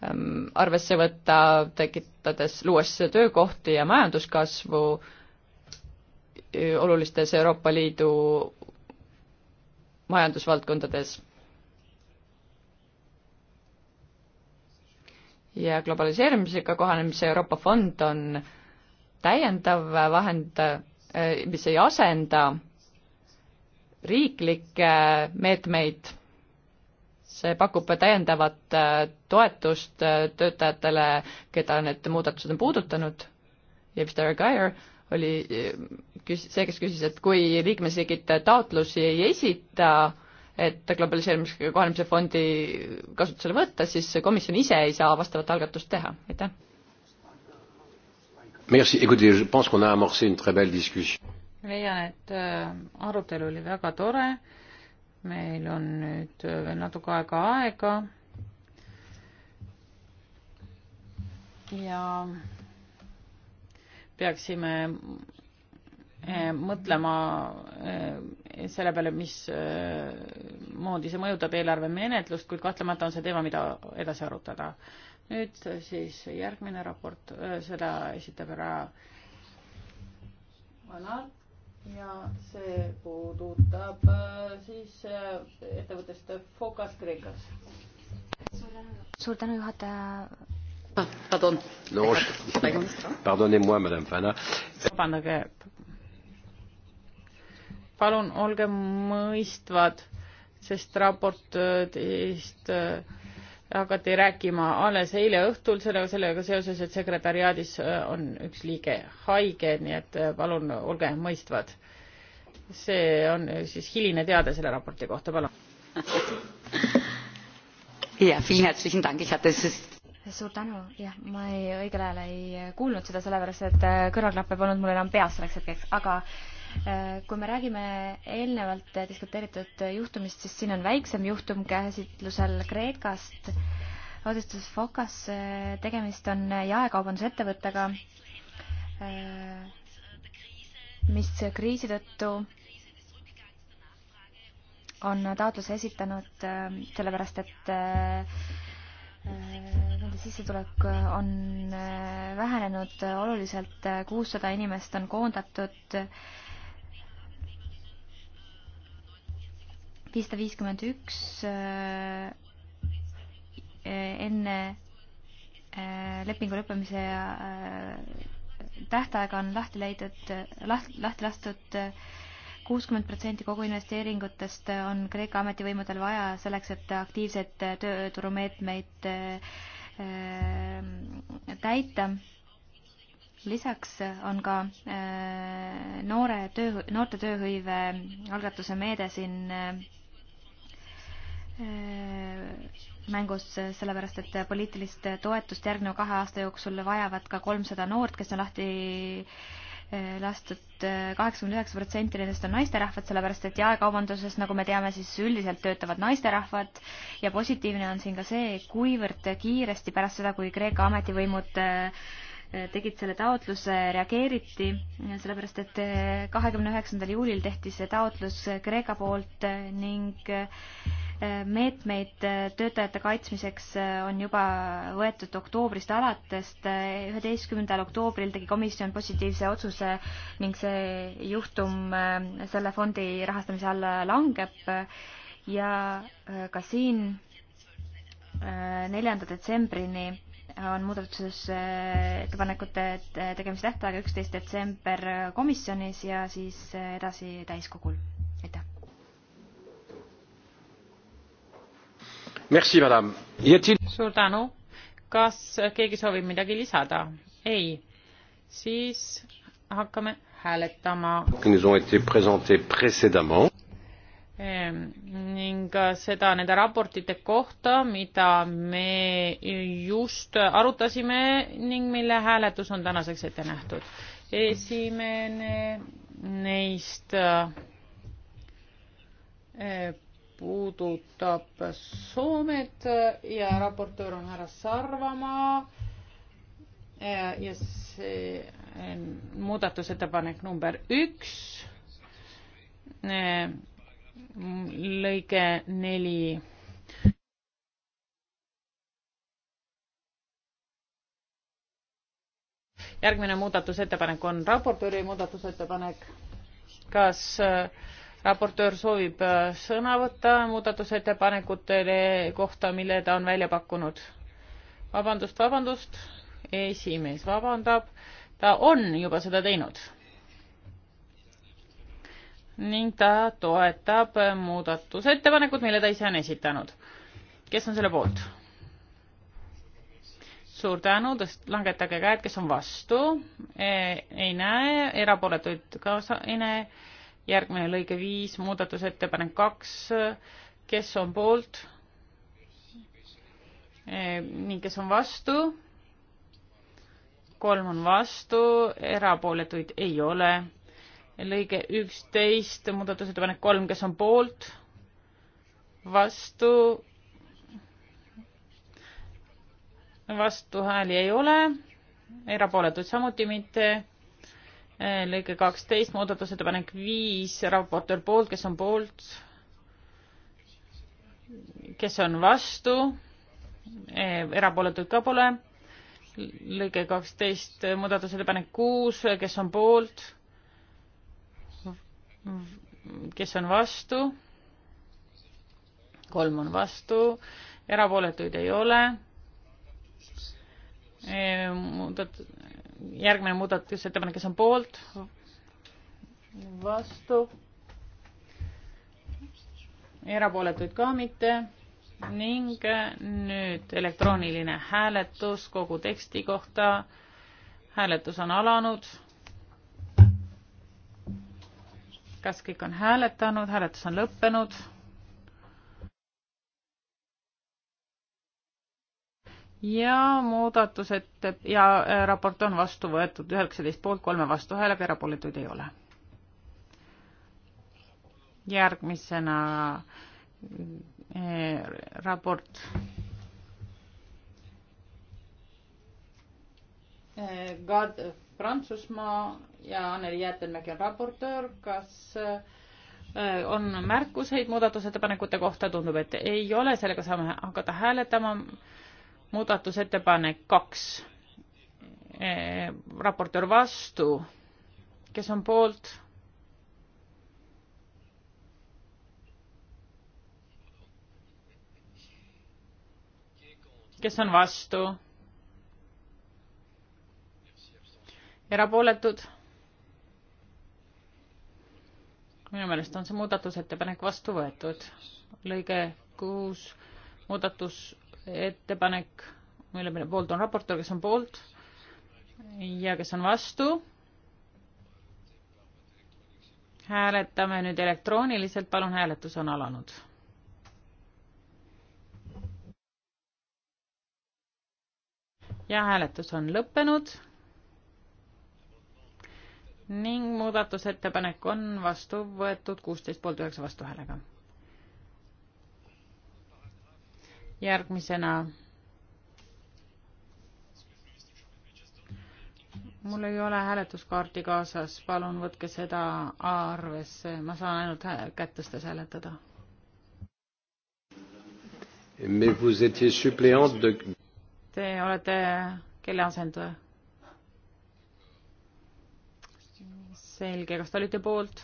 ähm, arvesse võtta, tekitades, luues töökohti ja majanduskasvu äh, olulistes Euroopa Liidu majandusvaldkondades. ja globaliseerimisega kohanemise Euroopa fond on täiendav vahend, äh, mis ei asenda riiklikke meetmeid see pakub täiendavat äh, toetust äh, töötajatele, keda need muudatused on puudutanud ja Peter Geyer oli äh, küs-, see, kes küsis, et kui liikmesriigid taotlusi ei esita, et globaliseerimisega kohanemise fondi kasutusele võtta, siis komisjon ise ei saa vastavat algatust teha, aitäh. Merci, écoutez, je pense qu'on a amorcé une très belle discussion. leian, et arutelu oli väga tore meil on nüüd veel natuke aega aega. ja peaksime eh, mõtlema eh, selle peale, mis eh, moodi see mõjutab eelarvemenetlust, kuid kahtlemata on see teema, mida edasi arutada. nüüd siis järgmine raport, seda esitab härra Vanar ja see puudutab äh, siis äh, ettevõttest Focus Kreekas. suur tänu, juhataja. Ah, pardon. Pardonnez-moi, madame Fana. vabandage. palun olge mõistvad, sest raport teist äh, hakati rääkima alles eile õhtul sellega, sellega seoses, et sekretäriaadis äh, on üks liige haige, nii et äh, palun olge mõistvad. see on äh, siis hiline teade selle raporti kohta, palun. jah, suur tänu, jah, ma ei, õigel ajal ei kuulnud seda, sellepärast et kõrvaklappe polnud mul enam peas selleks hetkeks, aga äh, Äh, kui me räägime eelnevalt diskuteeritud juhtumist, siis siin on väiksem juhtum käsitlusel Kreekast. otsustus Fokas, äh, tegemist on jaekaubandusettevõttega, äh, mis kriisi tõttu on taotluse esitanud sellepärast, et nende sissetulek on vähenenud oluliselt, kuussada inimest on koondatud viissada viiskümmend üks äh, äh, enne äh, lepingu lõppemise tähtaega on lahti leidnud, lahti lastud kuuskümmend protsenti kogu investeeringutest on Kreeka ametivõimudel vaja selleks, et aktiivseid tööturumeetmeid täita lisaks on ka noore töö, noorte tööhõive algatuse meede siin Äh, mängus, äh, sellepärast et äh, poliitilist toetust järgneva kahe aasta jooksul vajavad ka kolmsada noort, kes on lahti lastud, kaheksakümmend üheksa protsenti nendest on naisterahvad, sellepärast et jaekaubanduses, nagu me teame, siis üldiselt töötavad naisterahvad ja positiivne on siin ka see, kuivõrd kiiresti pärast seda, kui Kreeka ametivõimud Äh, tegid selle taotluse, reageeriti, äh, sellepärast et äh, kahekümne üheksandal juulil tehti see taotlus Kreeka poolt ning meetmeid töötajate kaitsmiseks on juba võetud oktoobrist alates. üheteistkümnendal oktoobril tegi komisjon positiivse otsuse ning see juhtum selle fondi rahastamise alla langeb ja ka siin neljanda detsembrini on muudatusettepanekute eh, tegemise tähtaeg üksteist detsember komisjonis ja siis eh, edasi täiskogul. aitäh. suur tänu. kas keegi soovib midagi lisada? ei. siis hakkame hääletama. Ehm, ning äh, seda nende raportite kohta, mida me just arutasime ning mille hääletus on tänaseks ette nähtud. esimene neist äh, eh, puudutab Soomet äh, ja raportöör on härra Sarvamaa ja see muudatusettepanek number üks lõige neli. järgmine muudatusettepanek on raportööri muudatusettepanek. kas äh, raportöör soovib äh, sõna võtta muudatusettepanekutele kohta, mille ta on välja pakkunud? vabandust, vabandust, esimees vabandab, ta on juba seda teinud ning ta toetab muudatusettepanekut, mille ta ise on esitanud. kes on selle poolt? suur tänu, tõst-, langetage käed, kes on vastu e,, ei näe, erapooletuid ka ei näe. järgmine lõige viis, muudatusettepanek kaks, kes on poolt e,? ning kes on vastu? kolm on vastu, erapooletuid ei ole lõige üksteist, muudatusettepanek kolm, kes on poolt, vastu, vastuhääli ei ole, erapooletuid samuti mitte, eh, lõige kaksteist, muudatusettepanek viis, raportöör poolt, kes on poolt, kes on vastu, eh, erapooletuid ka pole, lõige kaksteist, muudatusettepanek kuus, kes on poolt kes on vastu? kolm on vastu, erapooletuid ei ole. Ehm, muudat-, järgmine muudatusettepanek, kes on poolt? vastu. erapooletuid ka mitte ning nüüd elektrooniline hääletus kogu teksti kohta. hääletus on alanud kas kõik on hääletanud, hääletus on lõppenud? ja muudatused ja äh, raport on vastu võetud üheksateist poolt kolme vastuhäälega, erapooletuid ei ole. järgmisena äh, raport Gad Prantsusmaa ja Anneli Jäätelmägi on raportöör, kas äh, on märkuseid muudatusettepanekute kohta, tundub, et ei ole, sellega saame hakata hääletama. muudatusettepanek kaks, äh, raportöör vastu, kes on poolt? kes on vastu? erapooletud. minu meelest on see muudatusettepanek vastu võetud. lõige kuus muudatusettepanek, mille peale poolt on raportöör, kes on poolt ja kes on vastu. hääletame nüüd elektrooniliselt, palun, hääletus on alanud ja hääletus on lõppenud ning muudatusettepanek on vastu võetud kuusteist poolt üheksa vastuhäälega. järgmisena mul ei ole hääletuskaarti kaasas, palun võtke seda arvesse, ma saan ainult kätt tõstes hääletada. De... Te olete kelle asendaja? selge, kas te olite poolt?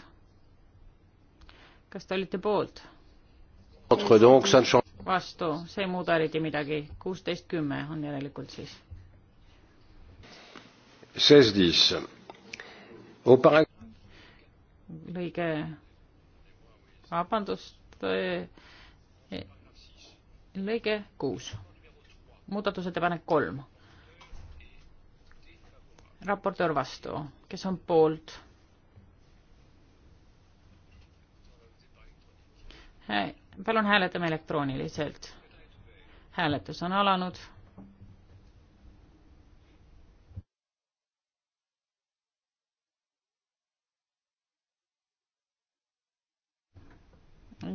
kas te olite poolt? vastu, see ei muuda eriti midagi, kuusteist kümme on järelikult siis. lõige, vabandust, eh, lõige kuus, muudatusettepanek kolm raportöör vastu, kes on poolt? palun hääletame elektrooniliselt. hääletus on alanud.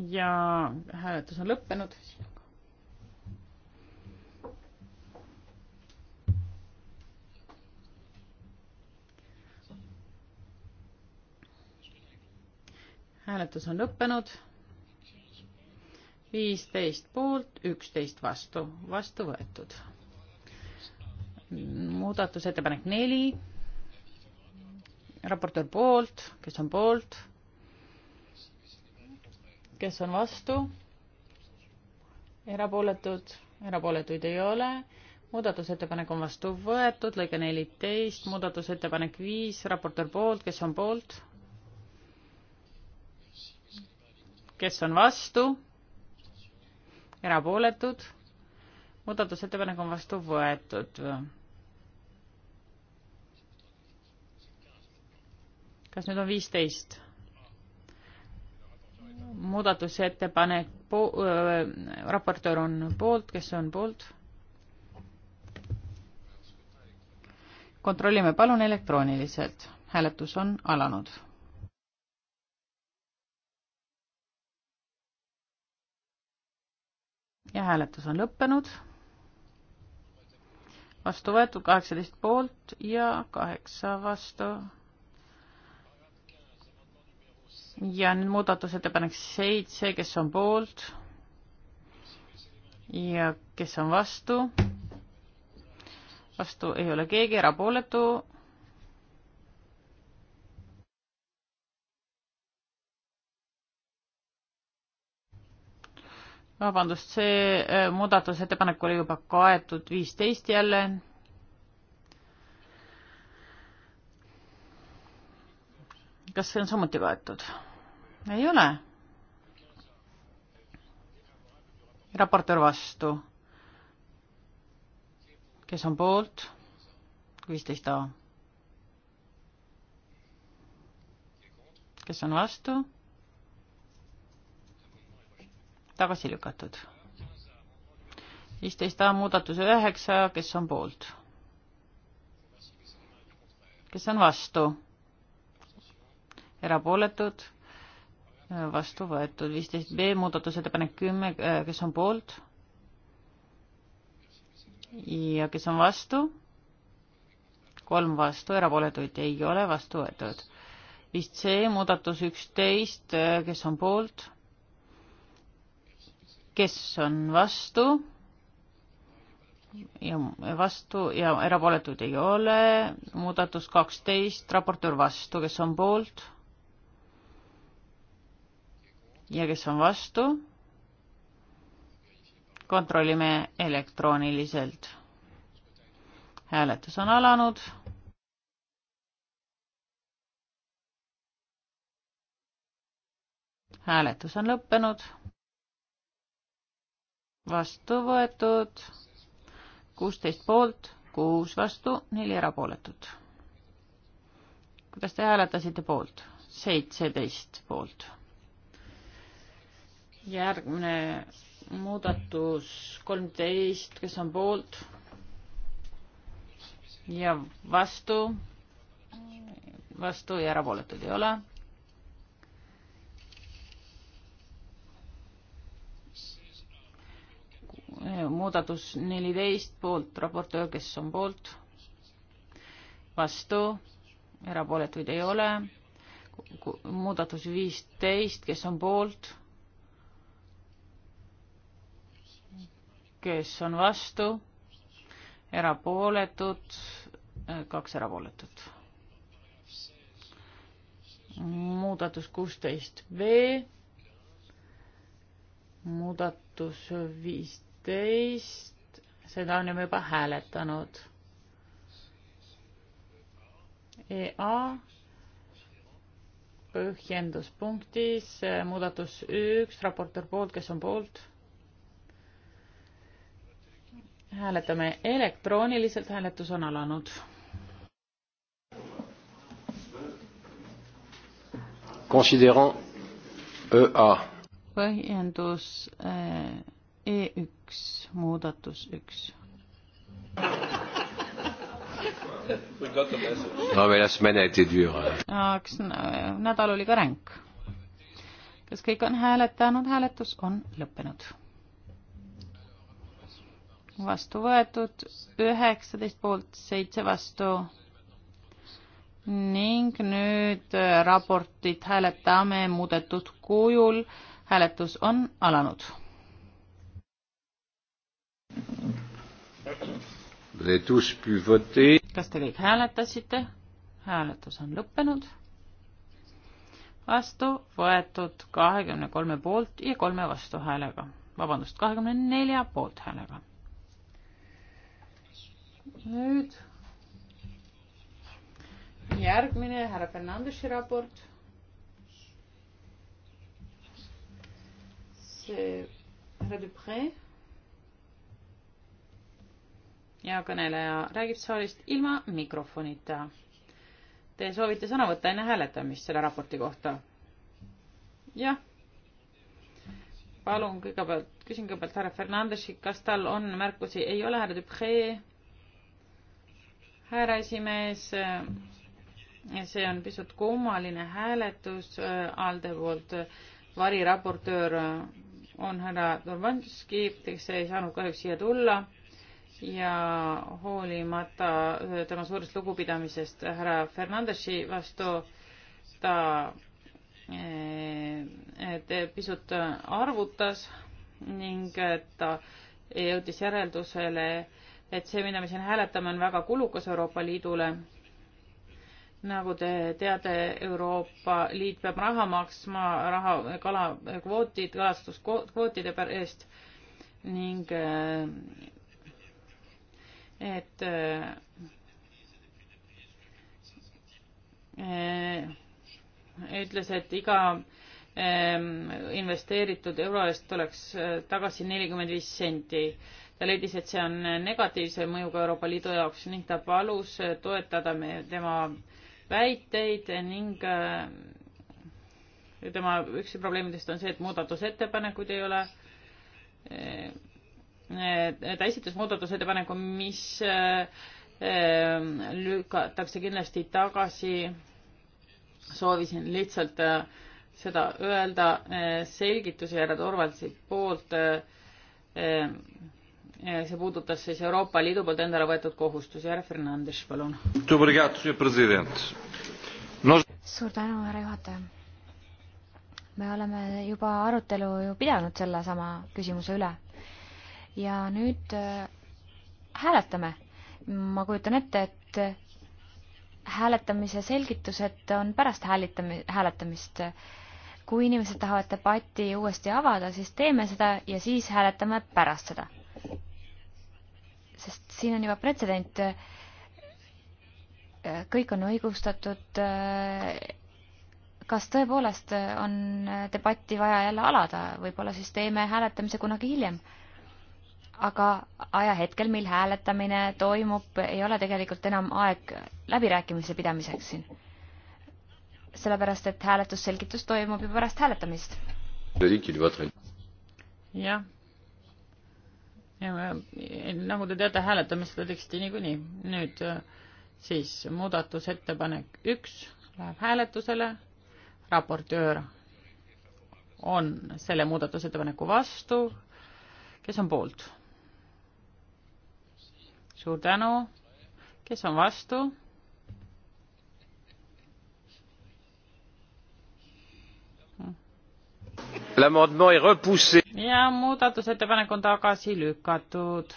ja hääletus on lõppenud. hääletus on lõppenud viisteist poolt, üksteist vastu, vastu võetud. muudatusettepanek neli, raportöör poolt, kes on poolt, kes on vastu, erapooletud, erapooletuid ei ole, muudatusettepanek on vastu võetud, lõige neliteist, muudatusettepanek viis, raportöör poolt, kes on poolt, kes on vastu erapooletud, muudatusettepanek on vastu võetud. kas nüüd on viisteist? muudatusettepanek po- äh,, raportöör on poolt, kes on poolt? kontrollime palun elektrooniliselt, hääletus on alanud ja hääletus on lõppenud. vastu võetud kaheksateist poolt ja kaheksa vastu. ja nüüd muudatusettepanek seitse, kes on poolt ja kes on vastu? vastu ei ole keegi, erapooletu vabandust, see äh, muudatusettepanek oli juba kaetud viisteist jälle. kas see on samuti kaetud? ei ole. raportöör vastu. kes on poolt? viisteist A. kes on vastu? tagasi lükatud. viisteist A muudatuse üheksa, kes on poolt? kes on vastu? erapooletud? vastu võetud. viisteist B muudatusettepanek kümme, kes on poolt? ja kes on vastu? kolm vastu, erapooletuid ei ole, vastu võetud. viis C muudatus üksteist, kes on poolt? kes on vastu? ja vastu ja erapooletuid ei ole. muudatus kaksteist, raportöör vastu, kes on poolt? ja kes on vastu? kontrollime elektrooniliselt. hääletus on alanud. hääletus on lõppenud vastu võetud, kuusteist poolt, kuus vastu, neli erapooletut. kuidas te hääletasite poolt? seitseteist poolt. järgmine muudatus kolmteist, kes on poolt ja vastu, vastu ja erapooletud ei ole muudatus neliteist poolt, raportöör, kes on poolt, vastu, erapooletuid ei ole, muudatus viisteist, kes on poolt, kes on vastu, erapooletud, kaks erapooletut. muudatus kuusteist B muudatus viis viisteist, seda on juba hääletanud. EA põhjenduspunktis muudatus üks, raportöör poolt, kes on poolt? hääletame elektrooniliselt, hääletus on alanud considérant EA. Põhjendus äh, E üks, muudatus üks. no meil las menetled üle. eks nädal oli ka ränk. kas kõik on hääletanud, hääletus on lõppenud. vastu võetud üheksateist poolt seitse vastu ning nüüd äh, raportit hääletame muudetud kujul. hääletus on alanud kas te kõik hääletasite? hääletus on lõppenud. vastu võetud kahekümne kolme poolt ja kolme vastuhäälega, vabandust, kahekümne nelja poolthäälega. nüüd järgmine härra Fernandesi raport. see härra Dupree ja kõneleja räägib saalist ilma mikrofonita. Te soovite sõna võtta enne hääletamist selle raporti kohta? jah. palun kõigepealt, küsin kõigepealt härra Fernandesi, kas tal on märkusi? ei ole, härra Dupree? härra esimees, see on pisut kummaline hääletus ALDE poolt. variraportöör on härra Turbanski, kes ei saanud kahjuks siia tulla ja hoolimata äh, tema suurest lugupidamisest härra Fernandesi vastu ta äh, et äh, pisut arvutas ning ta jõudis järeldusele, et see, mida me siin hääletame, on väga kulukas Euroopa Liidule. nagu te teate, Euroopa Liit peab raha maksma raha kalakvootid, kalastuskvootide eest ning et äh, äh, ütles, et iga ähm, investeeritud euro eest tuleks äh, tagasi nelikümmend viis senti. ta leidis, et see on negatiivse mõjuga Euroopa Liidu jaoks ning ta palus toetada me, tema väiteid ning tema üks probleemidest on see, et muudatusettepanekuid ei ole Äh, ta esitas muudatusettepaneku, mis äh, ähm, lükatakse kindlasti tagasi. soovisin lihtsalt äh, seda öelda selgituse härra Torvaldsi poolt. see puudutas siis Euroopa Liidu poolt endale võetud kohustusi. härra Fernandes, palun. suur tänu, härra juhataja me oleme juba arutelu ju pidanud sellesama küsimuse üle ja nüüd äh, hääletame. ma kujutan ette, et hääletamise selgitused on pärast häälitami-, hääletamist. kui inimesed tahavad debatti uuesti avada, siis teeme seda ja siis hääletame pärast seda. sest siin on juba pretsedent, kõik on õigustatud, kas tõepoolest on debatti vaja jälle alada, võib-olla siis teeme hääletamise kunagi hiljem aga ajahetkel, mil hääletamine toimub, ei ole tegelikult enam aeg läbirääkimise pidamiseks siin. sellepärast, et hääletusselgitus toimub juba pärast hääletamist. jah. ja nagu te teate, hääletamist seda teksti niikuinii. nüüd äh, siis muudatusettepanek üks läheb hääletusele, raportöör on selle muudatusettepaneku vastu, kes on poolt suur tänu. kes on vastu? ja muudatusettepanek on tagasi lükatud.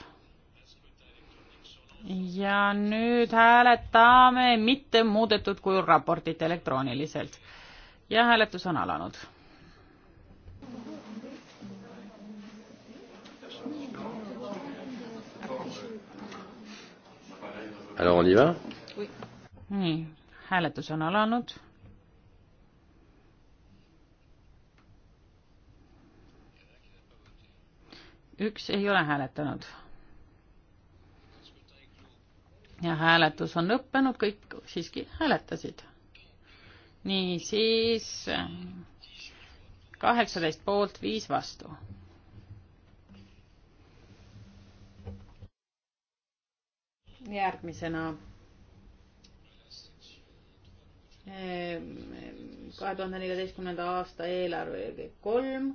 ja nüüd hääletame mitte muudetud kujul raportit elektrooniliselt. ja hääletus on alanud Alors on y va? nii, hääletus on alanud. üks ei ole hääletanud. ja hääletus on lõppenud, kõik siiski hääletasid. niisiis kaheksateist poolt, viis vastu järgmisena ehm, kahe tuhande neljateistkümnenda aasta eelarve kolm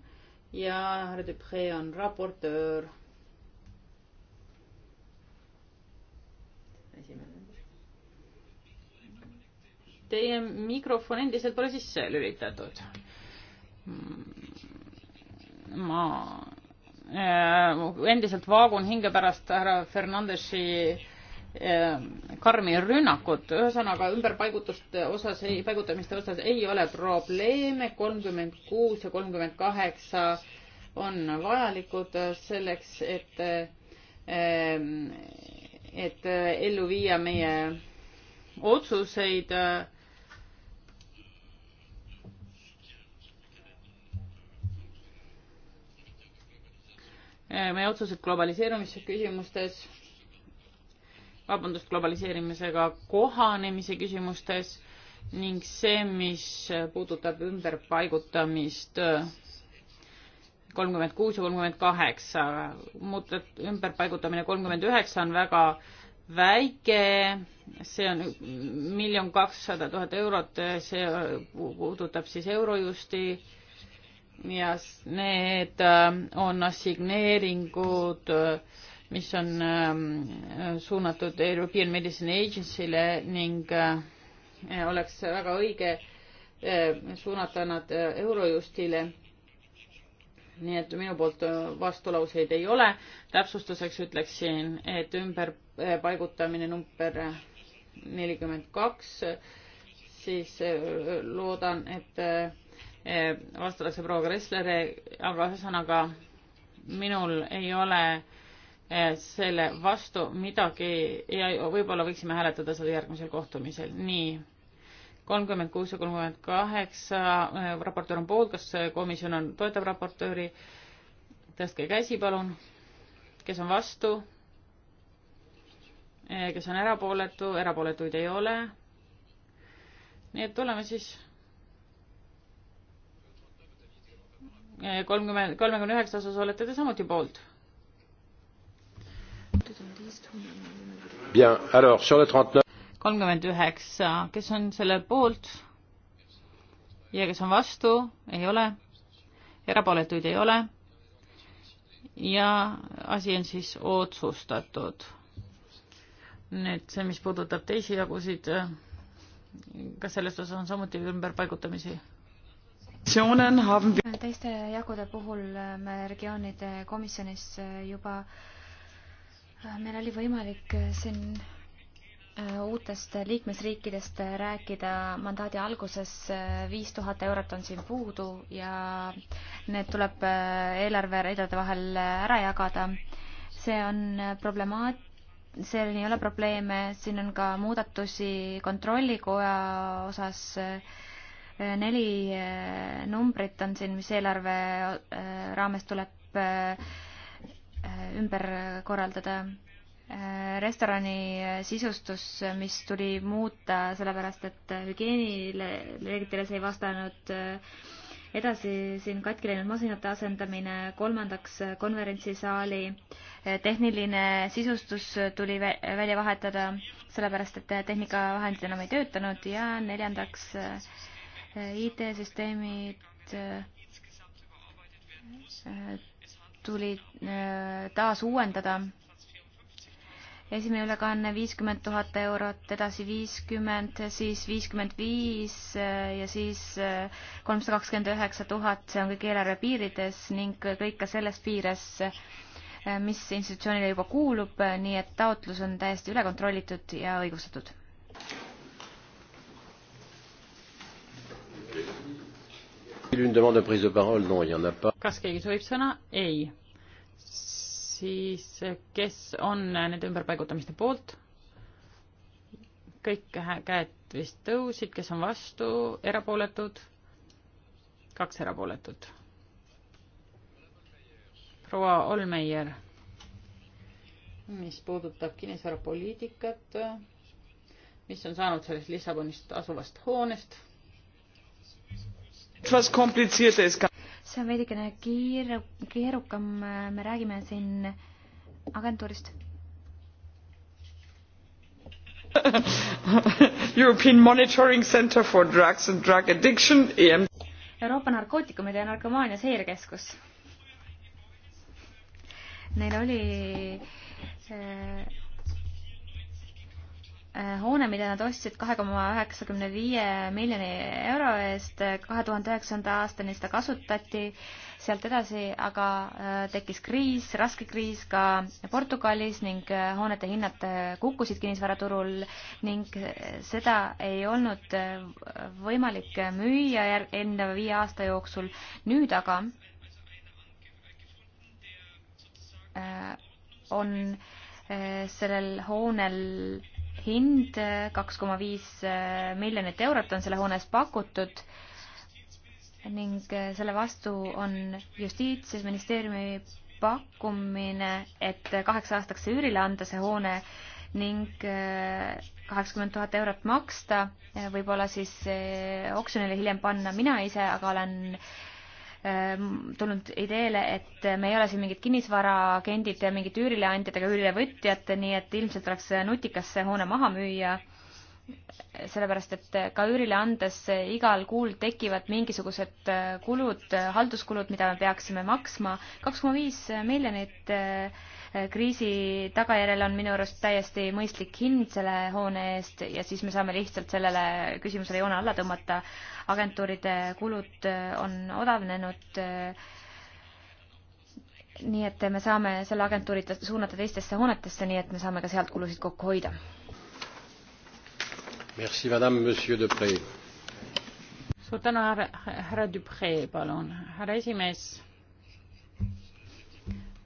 ja härra Dupree on raportöör. esimene. Teie mikrofon endiselt pole sisse lülitatud. Hmm, ma eh, endiselt vaagun hinge pärast härra Fernandesi Ehm, karmi rünnakut, ühesõnaga ümberpaigutuste osas ei, paigutamiste osas ei ole probleeme, kolmkümmend kuus ja kolmkümmend kaheksa on vajalikud selleks, et, ehm, et ellu viia meie otsuseid. Ehm, meie otsused globaliseerumise küsimustes vabandust, globaliseerimisega kohanemise küsimustes ning see, mis puudutab ümberpaigutamist kolmkümmend kuus ja kolmkümmend kaheksa, muudat-, ümberpaigutamine kolmkümmend üheksa on väga väike, see on miljon kakssada tuhat eurot, see puudutab siis Eurojusti ja need äh, on assigneeringud äh, mis on ähm, suunatud European Medicine Agency'le ning äh, oleks väga õige äh, suunata nad äh, Eurojustile. nii et minu poolt vastulauseid ei ole. täpsustuseks ütleksin, et ümberpaigutamine number nelikümmend kaks, siis loodan, et vastatakse proua Kresslere, aga ühesõnaga minul ei ole äh, selle vastu midagi ja võib-olla võiksime hääletada seda järgmisel kohtumisel. nii, kolmkümmend kuus ja kolmkümmend kaheksa, äh, raportöör on poolt, kas komisjon on, toetab raportööri? tõstke käsi, palun. kes on vastu? Äh, kes on erapooletu, erapooletuid ei ole. nii et tuleme siis äh, kolmkümmend, kolmekümne üheksa osas olete te samuti poolt kolmkümmend üheksa, kes on selle poolt ja kes on vastu, ei ole, erapooletuid ei ole. ja asi on siis otsustatud. nüüd see, mis puudutab teisi jagusid, kas selles osas on samuti ümberpaigutamisi? teiste jagude puhul me regioonide komisjonis juba äh, Äh, meil oli võimalik äh, siin äh, uutest liikmesriikidest rääkida mandaadi alguses, viis tuhat eurot on siin puudu ja need tuleb eelarveridade vahel ära jagada. see on problemaat-, siin ei ole probleeme, siin on ka muudatusi kontrollikoja osas, neli numbrit on siin, mis eelarve raames tuleb Äh, ümber korraldada. Äh, restorani äh, sisustus, mis tuli muuta sellepärast, et hügieenireeglitele see ei vastanud. edasi siin katki läinud masinate asendamine, kolmandaks konverentsisaali tehniline sisustus tuli välja vahetada, sellepärast et tehnikavahendid enam ei töötanud ja neljandaks IT-süsteemid tuli äh, taas uuendada. esimene ülekanne viiskümmend tuhat eurot, edasi viiskümmend, siis viiskümmend viis äh, ja siis äh, kolmsada kakskümmend üheksa tuhat, see on kõik eelarve piirides ning kõik ka selles piires, mis institutsioonile juba kuulub, nii et taotlus on täiesti üle kontrollitud ja õigustatud kas keegi soovib sõna? ei. siis kes on nende ümberpaigutamiste poolt? kõik käed vist tõusid, kes on vastu, erapooletud? kaks erapooletut. proua Olmeier, mis puudutab kinnisvarapoliitikat, mis on saanud sellest Lissabonist asuvast hoonest see on veidikene kiir-, keerukam, me räägime siin agentuurist European Monitoring Center for Drugs and Drug Addiction EM. Euroopa narkootikumide ja narkomaania seirekeskus. Neil oli äh, Eh, hoone, mida nad ostsid kahe koma üheksakümne viie miljoni euro eest, eh, kahe tuhande üheksanda aastani seda kasutati, sealt edasi aga eh, tekkis kriis, raske kriis ka Portugalis ning hoonete hinnad kukkusid kinnisvaraturul ning seda ei olnud võimalik müüa enne viie aasta jooksul. nüüd aga on sellel hoonel hind, kaks koma viis äh, miljonit eurot on selle hoone eest pakutud ning äh, selle vastu on Justiitsministeeriumi pakkumine, et kaheks aastaks see üürile anda, see hoone, ning äh, kaheksakümmend tuhat eurot maksta, võib-olla siis oksjonile hiljem panna. mina ise aga olen äh, Ehm, tulnud ideele, et me ei ole siin mingid kinnisvaraagendid ja mingid üürileandjad ega üürilevõtjad, nii et ilmselt oleks nutikas see hoone maha müüa. sellepärast, et ka üürile andes igal kuul tekivad mingisugused äh, kulud, äh, halduskulud, mida me peaksime maksma. kaks koma viis miljonit äh, Eh, kriisi tagajärjel on minu arust täiesti mõistlik hind selle hoone eest ja siis me saame lihtsalt sellele küsimusele joone alla tõmmata. agentuuride kulud eh, on odavnenud. Eh, nii et me saame selle agentuuri suunata teistesse hoonetesse, nii et me saame ka sealt kulusid kokku hoida. Merci madame, monsieur Depree. suur tänu, härra, härra Dupree, palun, härra esimees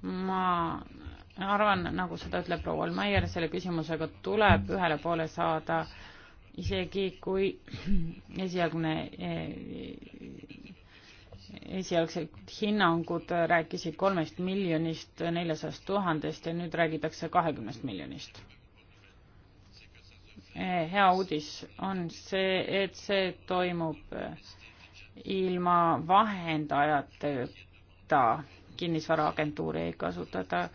ma arvan, nagu seda ütleb proua Olmeier, selle küsimusega tuleb ühele poole saada, isegi kui esialgne eh, esialgsed hinnangud rääkisid kolmest miljonist neljasajast tuhandest ja nüüd räägitakse kahekümnest miljonist. Eh, hea uudis on see, et see toimub eh, ilma vahendajateta, kinnisvaraagentuuri ei kasutata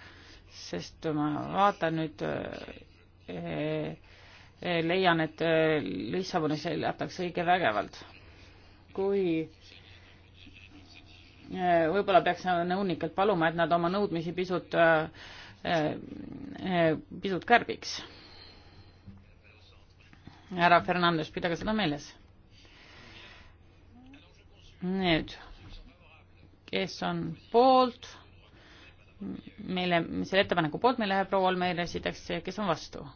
sest ma vaatan nüüd äh, äh, leian, et äh, Lissabonis elatakse õige vägevalt. kui võib-olla peaks nõunikelt paluma, et nad oma nõudmisi pisut, pisut kärbiks. härra Fernandes, pidage seda meeles. nüüd, kes on poolt? meile, selle ettepaneku poolt meile proua Olmeile esitatakse, kes on vastu?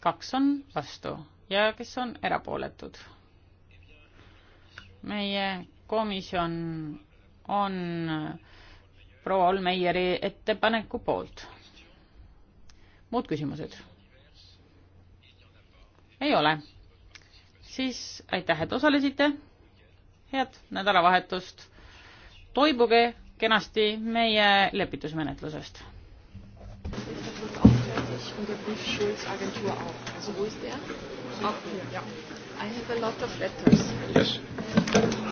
kaks on vastu ja kes on erapooletud? meie komisjon on proua Olmeieri ettepaneku poolt. muud küsimused? ei ole. siis aitäh, et osalesite. head nädalavahetust. toibuge kenasti meie lepitusmenetlusest. Und der Brief Schulz Agentur auch. Also wo ist der? Auch hier, ja. I have a lot of letters. Yes.